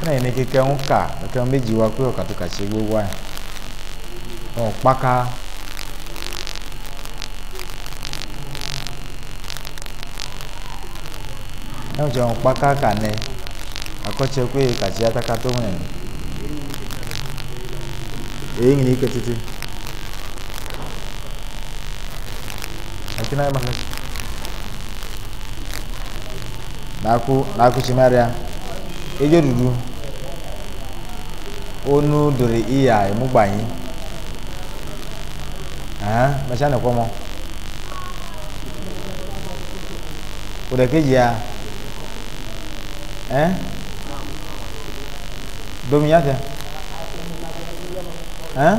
kuna yi ne keke ŋu ka keke ŋu medziwa kpe wɔ kato katsi gbogbo anyi ɔ kpaka. ɛnjɛ ŋun kpaka kanɛ akɔtsɛ kpe katsi ataka to mɛ eyi ŋini ike tete ɛtina ma n'aku n'aku tsi maria edzo dudu onu dori iya emu gbanyi ɛhɛn mɛtsa n'ekɔmɔ o ɖeke dzia eh domiyata eh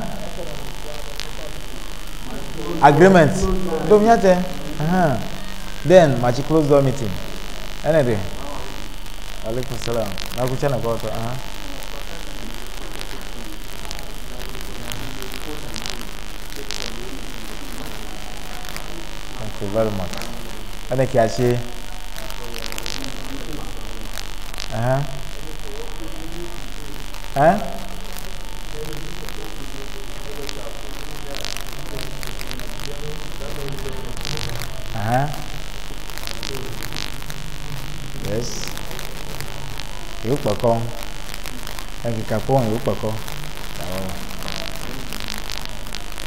agreement domiyata uh -huh. then match close door meeting Anyway, alaikum salam nakuchana kwa watu uh -huh. Thank you very much. Ana kiashe à. À. à yes hiểu bà con đang cà phố hiểu bà con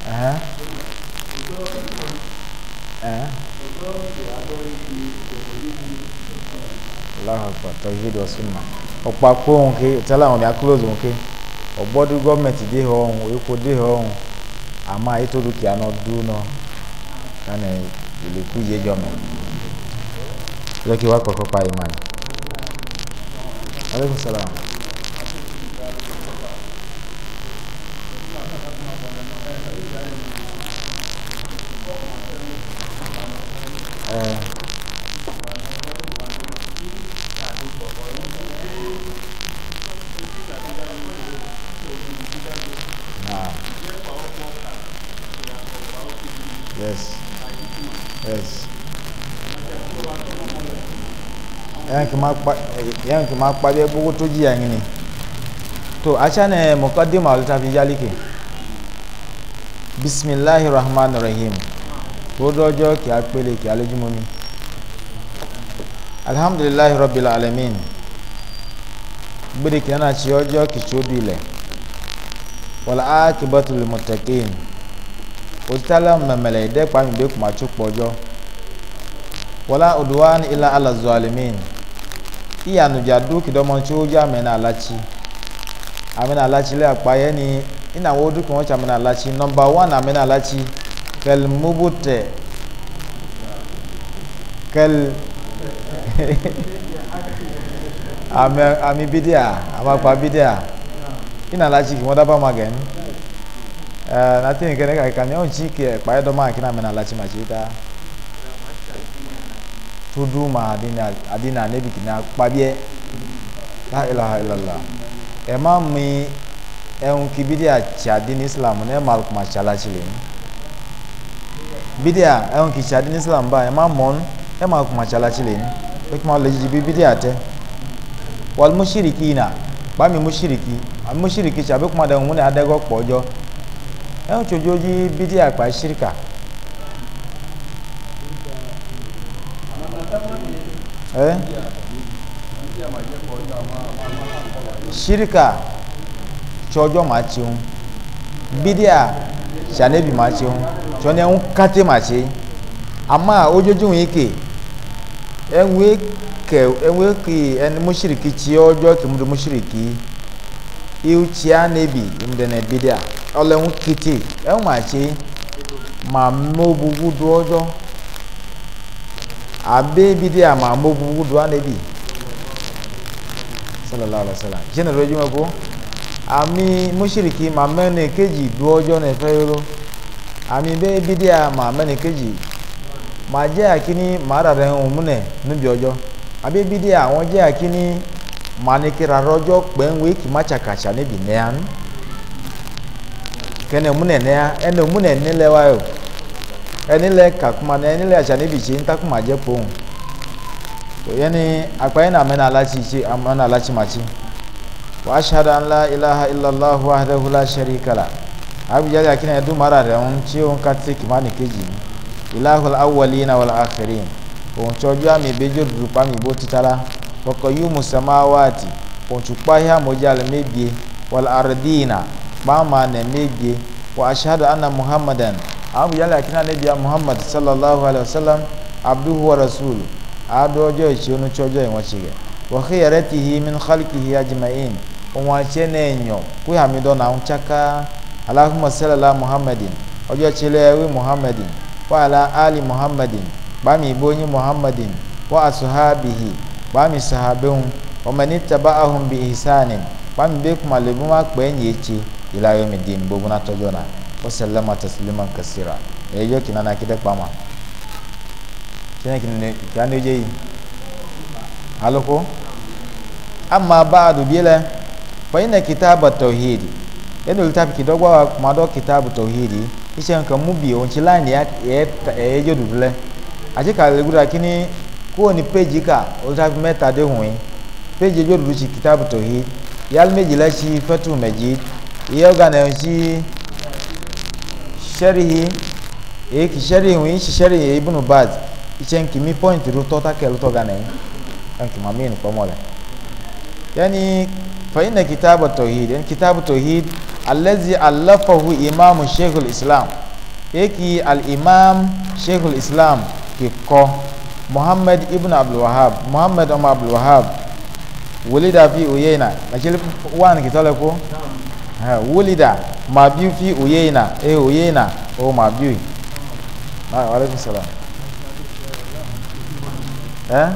à à allahu akbar tawhid wa sunna ọ̀pàkó ohun ke tẹ́lá àwọn ọ̀nà close ohun ke ọ̀gbọ́dún gọ́ọ̀mẹ̀ntì dé họ ohun epo dé họ ohun àmọ́ ètò dúkìá náà dúró náà kánà yé kí wá pa ìmọ̀ Yes. Yes. yan ki ma pari gbogbo tó jìyà yín ni to aṣáná mọ̀kọ́dìmọ̀ àlùtà fi yálìkì bisimilahi rahman rahim tó dọ́jọ́ kí a pélé kí a lójúmọ́ mi alhamdulilahi rabbil alamin gbèdéke náà ṣe ọjọ́ kìí tó du ilẹ̀ wala akibatu lil muttaqin utala mamale de pa mi be kuma chupojo wala udwan ila ala zalimin iya nu jadu kido mon chuja mena alachi amena alachi le apaye ni ina wo du kun cha mena alachi number 1 amena alachi kal mubute kal ami bidia amapa bidia ina la chiki wanda ba magen eh na tin ke ne ka kan yon chiki pa do ma kina mena la chi ma chita tudu ma adina adina ne bi kina pa bie la ilaha illallah e ma mi e un ki bidia cha din islam ne mal kuma cha la chi lim bidia e un ki cha din islam ba e ma mon e ma kuma cha la chi lim e kuma le ji bidia te wal mushrikina ba mi mushriki àmọ́ ṣìrìkì ṣàbí kúmọ̀dé òun ní adẹ́gọ́ pọ̀ ọjọ́ ẹ̀ ń tsojú ojú bídí àpá ṣìrìkà. ṣìrìkà tsọjọ́ máa tseun bídí à ṣàlẹ́bì máa tseun tsọ́ni ẹ̀ ń kàtẹ́ máa tse àmọ́ ojojú yìí kè ẹ̀ kè ẹ̀ kè ẹni mọ́ṣìrìkì tsi ọjọ́ kì í mú do yìí iuchia nebi mdenebidi a ọlẹ́hún kìtì ẹ̀wọ̀nàchí màá mọ́bubu dùn ọjọ́ abébidi a màá mọ́bubu dùn anebi sallallahu alayhi wa sallam jẹ́nà lójú mẹ́kọ́ àmì mọ́ṣíríkì màá mẹ́rin kejì dùn ọjọ́ nẹ̀fẹ́ yọrọ àmì bébidi a màá mẹ́rin kejì màá jẹ́ àkíní màá rà rẹ̀ ń múnẹ̀ níbi ọjọ́ abébidi a wọ́n jẹ́ àkíní manikira rɔdzɔ kpɛnwe kimatsakatsa nebi nɛa nu kɛnɛ mu nɛnɛa ɛnɛ mu nɛnɛ lɛ wa yio ɛni lɛ kakuma nɛ ɛni lɛ atsa nebi tse ntakuma dze po ŋu to yɛni akpa yɛ namɛ na alatsi tse amɛ na alatsi matsi wa ashadu an la ilaha illallah wa adahu la sharika la abijadi akina yɛ du mara rɛ ŋu tsi ŋu kati kimani keji ilahu awali na wala akiri òun tsɔjú àmì ìbejì òdùdù pa ìbò títà wakayumu samawati onchukpa ya mojal mebie wal ardina bama ne mebie wa ashhadu anna muhammadan abu yala kina nabiya muhammad sallallahu alaihi wasallam abduhu wa rasul adojo ichunu chojo inwachige wa khiyaratihi min khalqihi ajma'in onwache nenyo kuyamido na unchaka allahumma salli ala muhammadin ojo chilewi muhammadin wa ali muhammadin bami ibonyi muhammadin wa asuhabihi kpami sahabehu wɔmɛni taba ahum bi ihsanin kpami bɛ kuma lebu ma kpɛ nye tse ila yomi din bobu na tɔjɔ na wasalama taslima kasira eyo kina na kide kpama kina kina kina ne jeyi haloko amma ba'du bila fa inna kitaba tauhid eno litafi kidogwa wa kumado kitabu tauhid ishe nkan mubi onchilani ya eyo dudule ajika legura kini kúrò ní péjì ká oṣù mẹ́ta dé hùn yín péjì ẹjọ́ dúdú sí kìtàbù tòhí yálù méjìlá sí fẹ́tù mẹ́jì iye ọ̀gá náà sí sẹ́rìhì èyí kì sẹ́rìhì hùn yín sí sẹ́rìhì ibùnú bad iṣẹ́ nkì mí pọ́ìntì rú tọ́ta kẹlú tọ́ga náà yín nkì màmí ìnù pọ́mọ́ rẹ̀ yẹ́nì fẹ́yìn náà kìtàbù tòhí yẹ́nì kìtàbù tòhí alẹ́zì aláfọ̀hù ìmáàmù sheikhul islam èyí e kì al-imam sheikhul islam kì kọ́. Mohammed ibn abdulwahab muhammad ọmọ abdulwahab wulida fi uyeyna lakili wan kitole ko wulida ma biu fi uyeyna e uyeyna o ma biu wa Ok. salam eh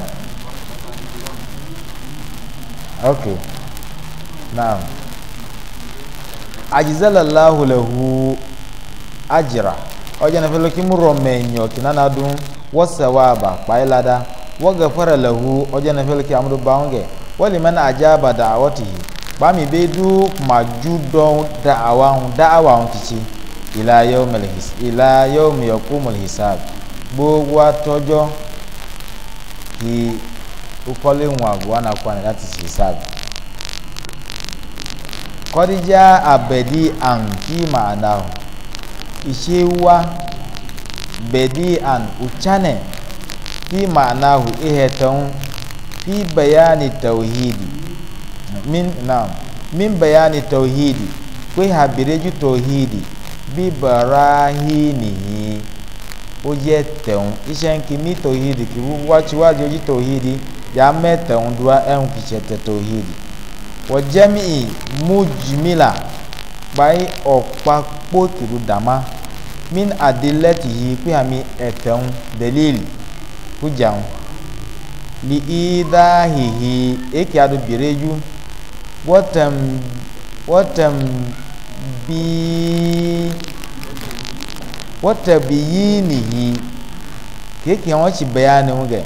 okay naam ajizalallahu lahu ajira ọjọ́ ní fẹ́ lókè mú rọ̀ mẹ́yìn ọ̀kì náà dún wasawaba kpailada wagafara lahu ọjọ́ na fẹ́lẹ́ kí amúdó bá ń gẹ̀ wọ́n lè mẹ́ni àjábà dàwọ́ tìyí bámi bẹ́ẹ̀ dúró kùmà ju dán dàwa ń dàwa ń tìtì ìlàyọ̀ mìíràn mọ̀lẹ́hìsàb gbogbo atọ́jọ́ kí ukọ́lé ń wà wọ́n náà kwan láti sì sàb. kọ́díjà àbẹ̀dí àǹkí màá náà ìṣe wá bedi'an uchane fi ma'anahu ihatan fi bayani tauhidi min na'am min bayani tauhidi kwe habireju tauhidi bi barahinihi o yẹ tẹun iṣẹ ń kí ní tòhídì kí wáṣíwájú ojú tòhídì yà mẹ tẹun dúró ẹhùn kìí ṣẹtẹ tòhídì wọ́n jẹ́mi mú jìmílà gba ọ̀pá pọ́kìrú min adilatihi ku hami etɛŋ dalil ku jaŋ li idahihi eki adu bireju wɔtɛm wɔtɛm bii wɔtɛbiyinihi keki wɔn akyi bayani mu gɛ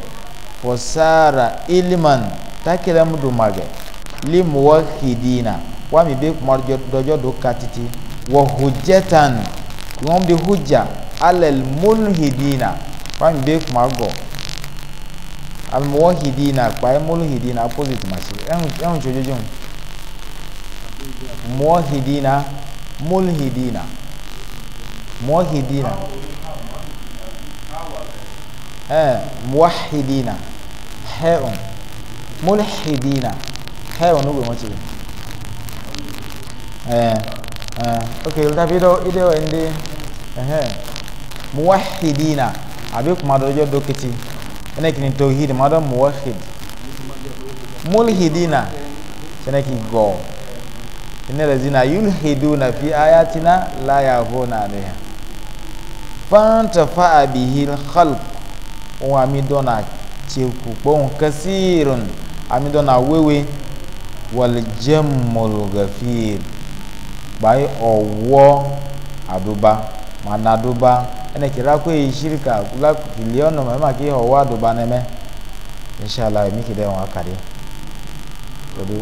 fɔsaara ilman takilɛm do ma limuwa hidina wami bi kuma katiti wɔ hujɛtan ŋɔm de hudza alal mulhidina fami be kuma gɔ al muwahidina kpae mulhidina opposite masi ɛhun tso jojo muwahidina mulhidina muwahidina ɛɛ eh, muwahidina hɛɛun mulhidina hɛɛun n'o bɛ ŋɔ ti ɛɛ uh, okay utafi do ide wende ehe muwahidina abi kuma dojo dokiti ene kini tauhid mado muwahid mulhidina ene ki go ene lazina yulhiduna fi ayatina la yahuna alaiha fantafa bihi alkhalq wa midona cheku bon kasirun amidona wewe wal jammul ghafir gbai ọwọ aduba mana aduba ene kira ko ishirika kula kiliono mama ki ọwọ aduba neme inshallah mi kide wọn akari tobi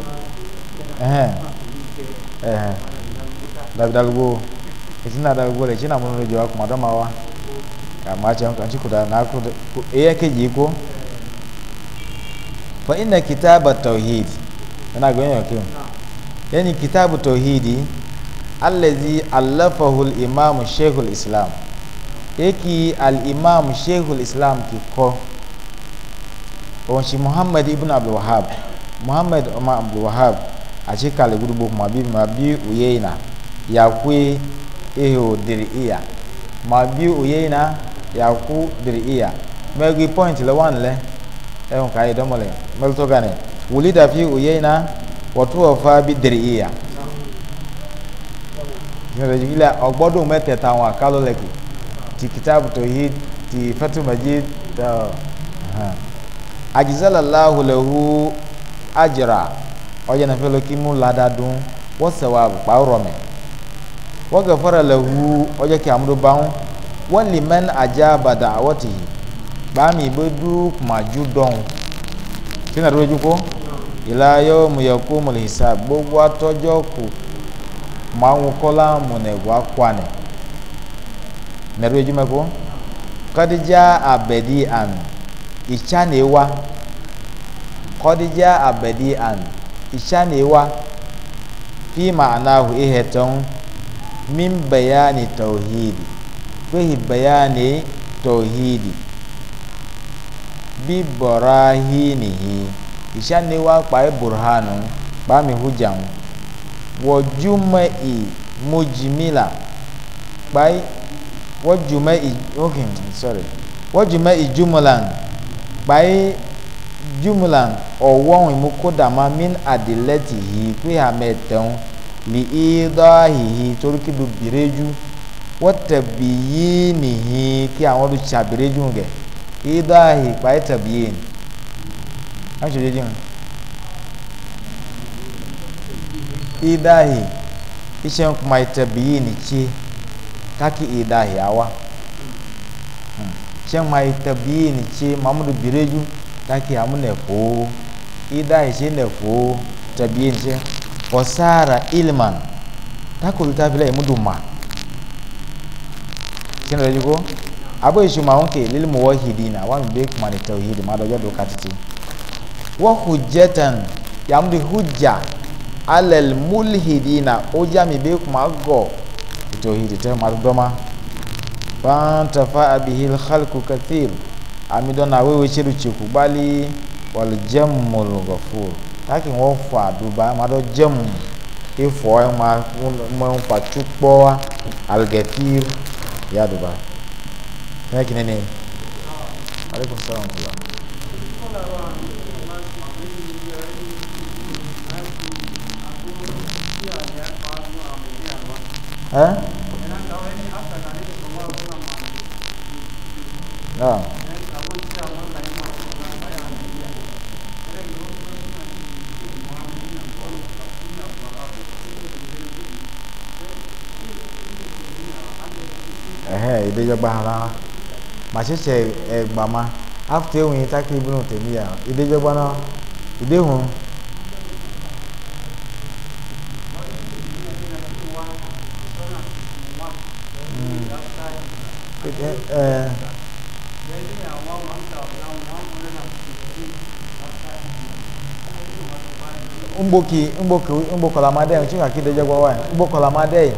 ẹhẹn ẹhẹn dabidalugbo ìtìna dalugbo na china múnú lójú ọkùnrin ọdọ máa wá kàmú àti ẹnìkan tí kò dáa náà kó eyẹ kejì kó fọ ìnà kìtàbà tọhídì ẹ náà gbẹ̀yìn ọ̀kẹ́ yẹn ni kìtàbà tọhídì alẹ́dí aláfọ̀hùl imam sheikhul islam eki al-imam sheikhul islam ti kọ́ òun ṣe muhammed ibn abdulwahab muhammed ọmọ abdulwahab àti kàlẹ́ gbúdúgbò kùmà bí mà bí òye ìnà yàkúé ihò dèrè ìyà mà bí òye ìnà yàkú dèrè ìyà mẹ́gbẹ́ point lẹ́wọ̀n lẹ́ ẹ̀hún káyé dọ́mọlẹ̀ mẹ́lítọ́gà ni wòlídàá fi òye ìnà wọ́túwọ̀fà bí dèrè ìyà ìmọ̀bẹ̀jìgílẹ̀ ọgbọ́dún mẹ́tẹ̀ẹ̀ta àwọn àkálọ̀lẹ̀kì ti kìtàbù tòhí ti fẹ́tùmọ̀jì tọ̀ àjìsẹ́lẹ̀láhùlẹ̀hù àjìrà ọjà náà fẹ́lẹ́ kí mú ládàdún wọ́n sẹ̀wà pàrọ̀mẹ̀ wọ́n gẹ̀fọ́rẹ̀ lẹ̀hù ọjà kí àmúdóbáwọn wọ́n lè mẹ́n àjà bàdà àwọ̀tì yìí gbàmì ìbẹ́dú màjú dọ́n kí nàdúrójú kó ìlà yóò mú yẹ kó mọ̀lẹ́sà gbogbo atọ́jọ́ kù maŋu kɔla munegua kwane mɛru edwuma ko kɔdidza abedi an itsanewa kɔdidza abɛdi an itsanewa fi maanahu ihetɔn min bayani tauhidi fihi bayani tauhidi bi borahinihi itsanewa kpai burhanu kpami hujan wajumai mujmila by wajumai okay sorry wajumai jumlan by jumlan ọwọ́n ìmúkódàmá min adilẹ́tì yìí pé àmẹ́tẹ̀hún lè ìdọ́hìhì torí kí ló bìrẹ́jú wọ́n tẹ̀bí yìí nìyí kí àwọn ló ṣàbìrẹ́jú gẹ̀ ìdọ́hìhì pàì tẹ̀bí yìí ni. idahi ishen kuma ita biyi ni ce kaki idahi awa hmm. shen ma ita biyi ni ce mamudu bireju taki amu ne ko idahi shi ne ko ta biyi ni ce fasara ilman takuru ta bila imudu ma shin da jiko abu ishi ma wunke lilmu wahidina wani bai kuma da tauhidi ma da jadu katiti wa hujjatan ya mudu hujja alal mulhidina o jami be kuma go tauhidi ta mar doma ban tafa bihi al khalqu kathir ami dona we we chiru chiku bali wal jammul ghafur takin wo fa duba ma do jam ifo e ma mo fa chupo al ghafir ya duba takin ne alaikum salam eh yeah. ẹhẹ ìdè jọgba ara màṣẹṣẹ ẹgbàmá after ewìn tákì ibùdó tèmi yà ìdè jọgba náà ìdè hùn. mgboki mgboki mgbokolamade ọchị ka kide jẹ gbawa mgbokolamade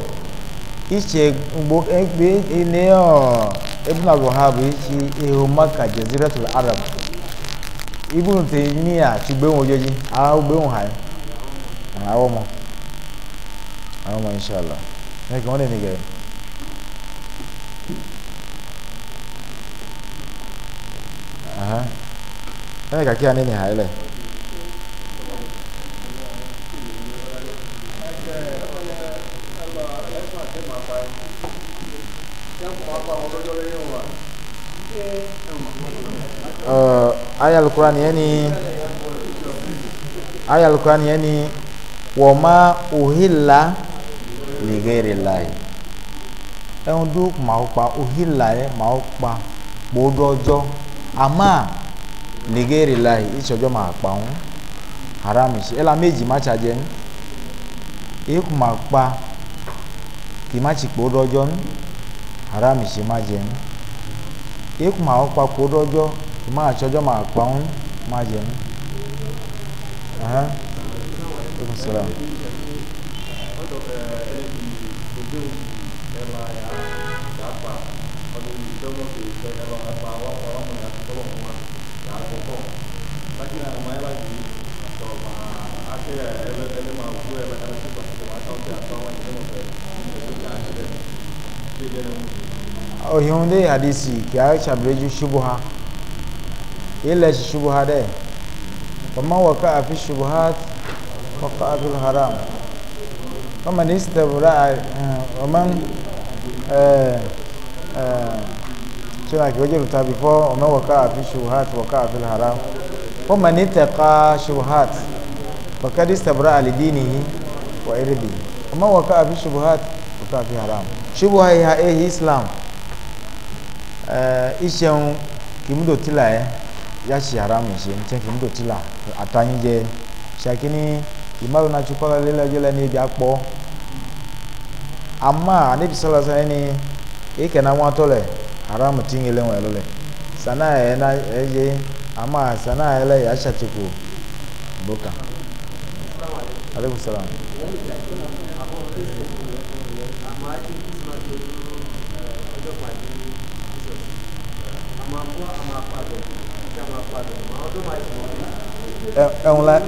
iche mgbo egbe ile ọ e, ibn e, al-wahab ichi ihu e, maka jaziratul arab ibn taymiya ti gbe wọn joji a gbe wọn hai àwọn ọmọ àwọn ọmọ inshallah ne kan ne ne gẹrẹ aha ene kakia nini ha ile uh, aya alquran yani aya alquran yani wama uhilla lighairi llahi ẹ̀hún dúró màá pa uhilla rẹ̀ màá pa gbódọ́jọ́. ama ligeri lai ịchọjọ ma kpaun haramishi ela meji ma chajen ịkwụ ma kpa ki ma chi kpo dojon ma jen ịkwụ ma okpa kpo dojo ma chojo ma kpaun ma jen aha alaikum salam ela ya da adisi, ohihunde hadisi kia chabreju shubuha ila shubuha de kama wakaa fi shubuhat wakaa fi haram kama nistabraa waman eh, eh cewa ki wajen rubuta before umar waka a fi shuhat waka a haram ko mani taqa shuhat fa kad istabra al dinihi wa irdi umar waka a fi waka a haram shubuha ya eh islam eh ishen kimudo tila eh ya shi haram shi mten kimudo tila atani je shakini imaru na chukola lela jela ni bi apo amma anabi sallallahu alaihi wasallam ike na nwa tole haram tinyele nwelele sana ena eje ama sana ele ya shatiku boka alaikum salam ẹ̀wọ̀n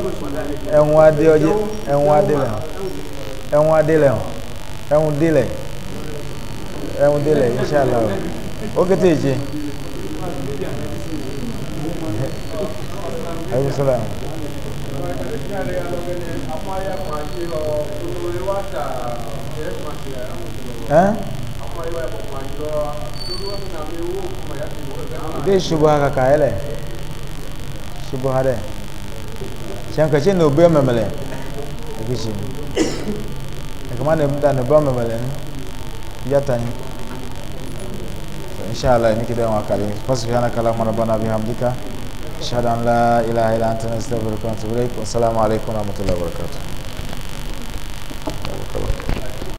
ẹ̀wọ̀n adé ọjọ́ ẹ̀wọ̀n adé lẹ̀ ẹ̀wọ̀n adé lẹ̀ ẹ̀hún délẹ̀ inṣàlá o ó kété ìṣe. ayé sọ́la. ide subuha kaka yɛlɛ subuha dɛ siankɛse na obe mɛmɛlɛ ekisi ekama na ebuta na eba mɛmɛlɛ nu. يتن فإن شاء الله إنك دوما كريم فسبحانك اللهم ربنا بحمدك أشهد أن لا إله إلا أنت نستغفرك ونتوب إليك والسلام عليكم ورحمة الله وبركاته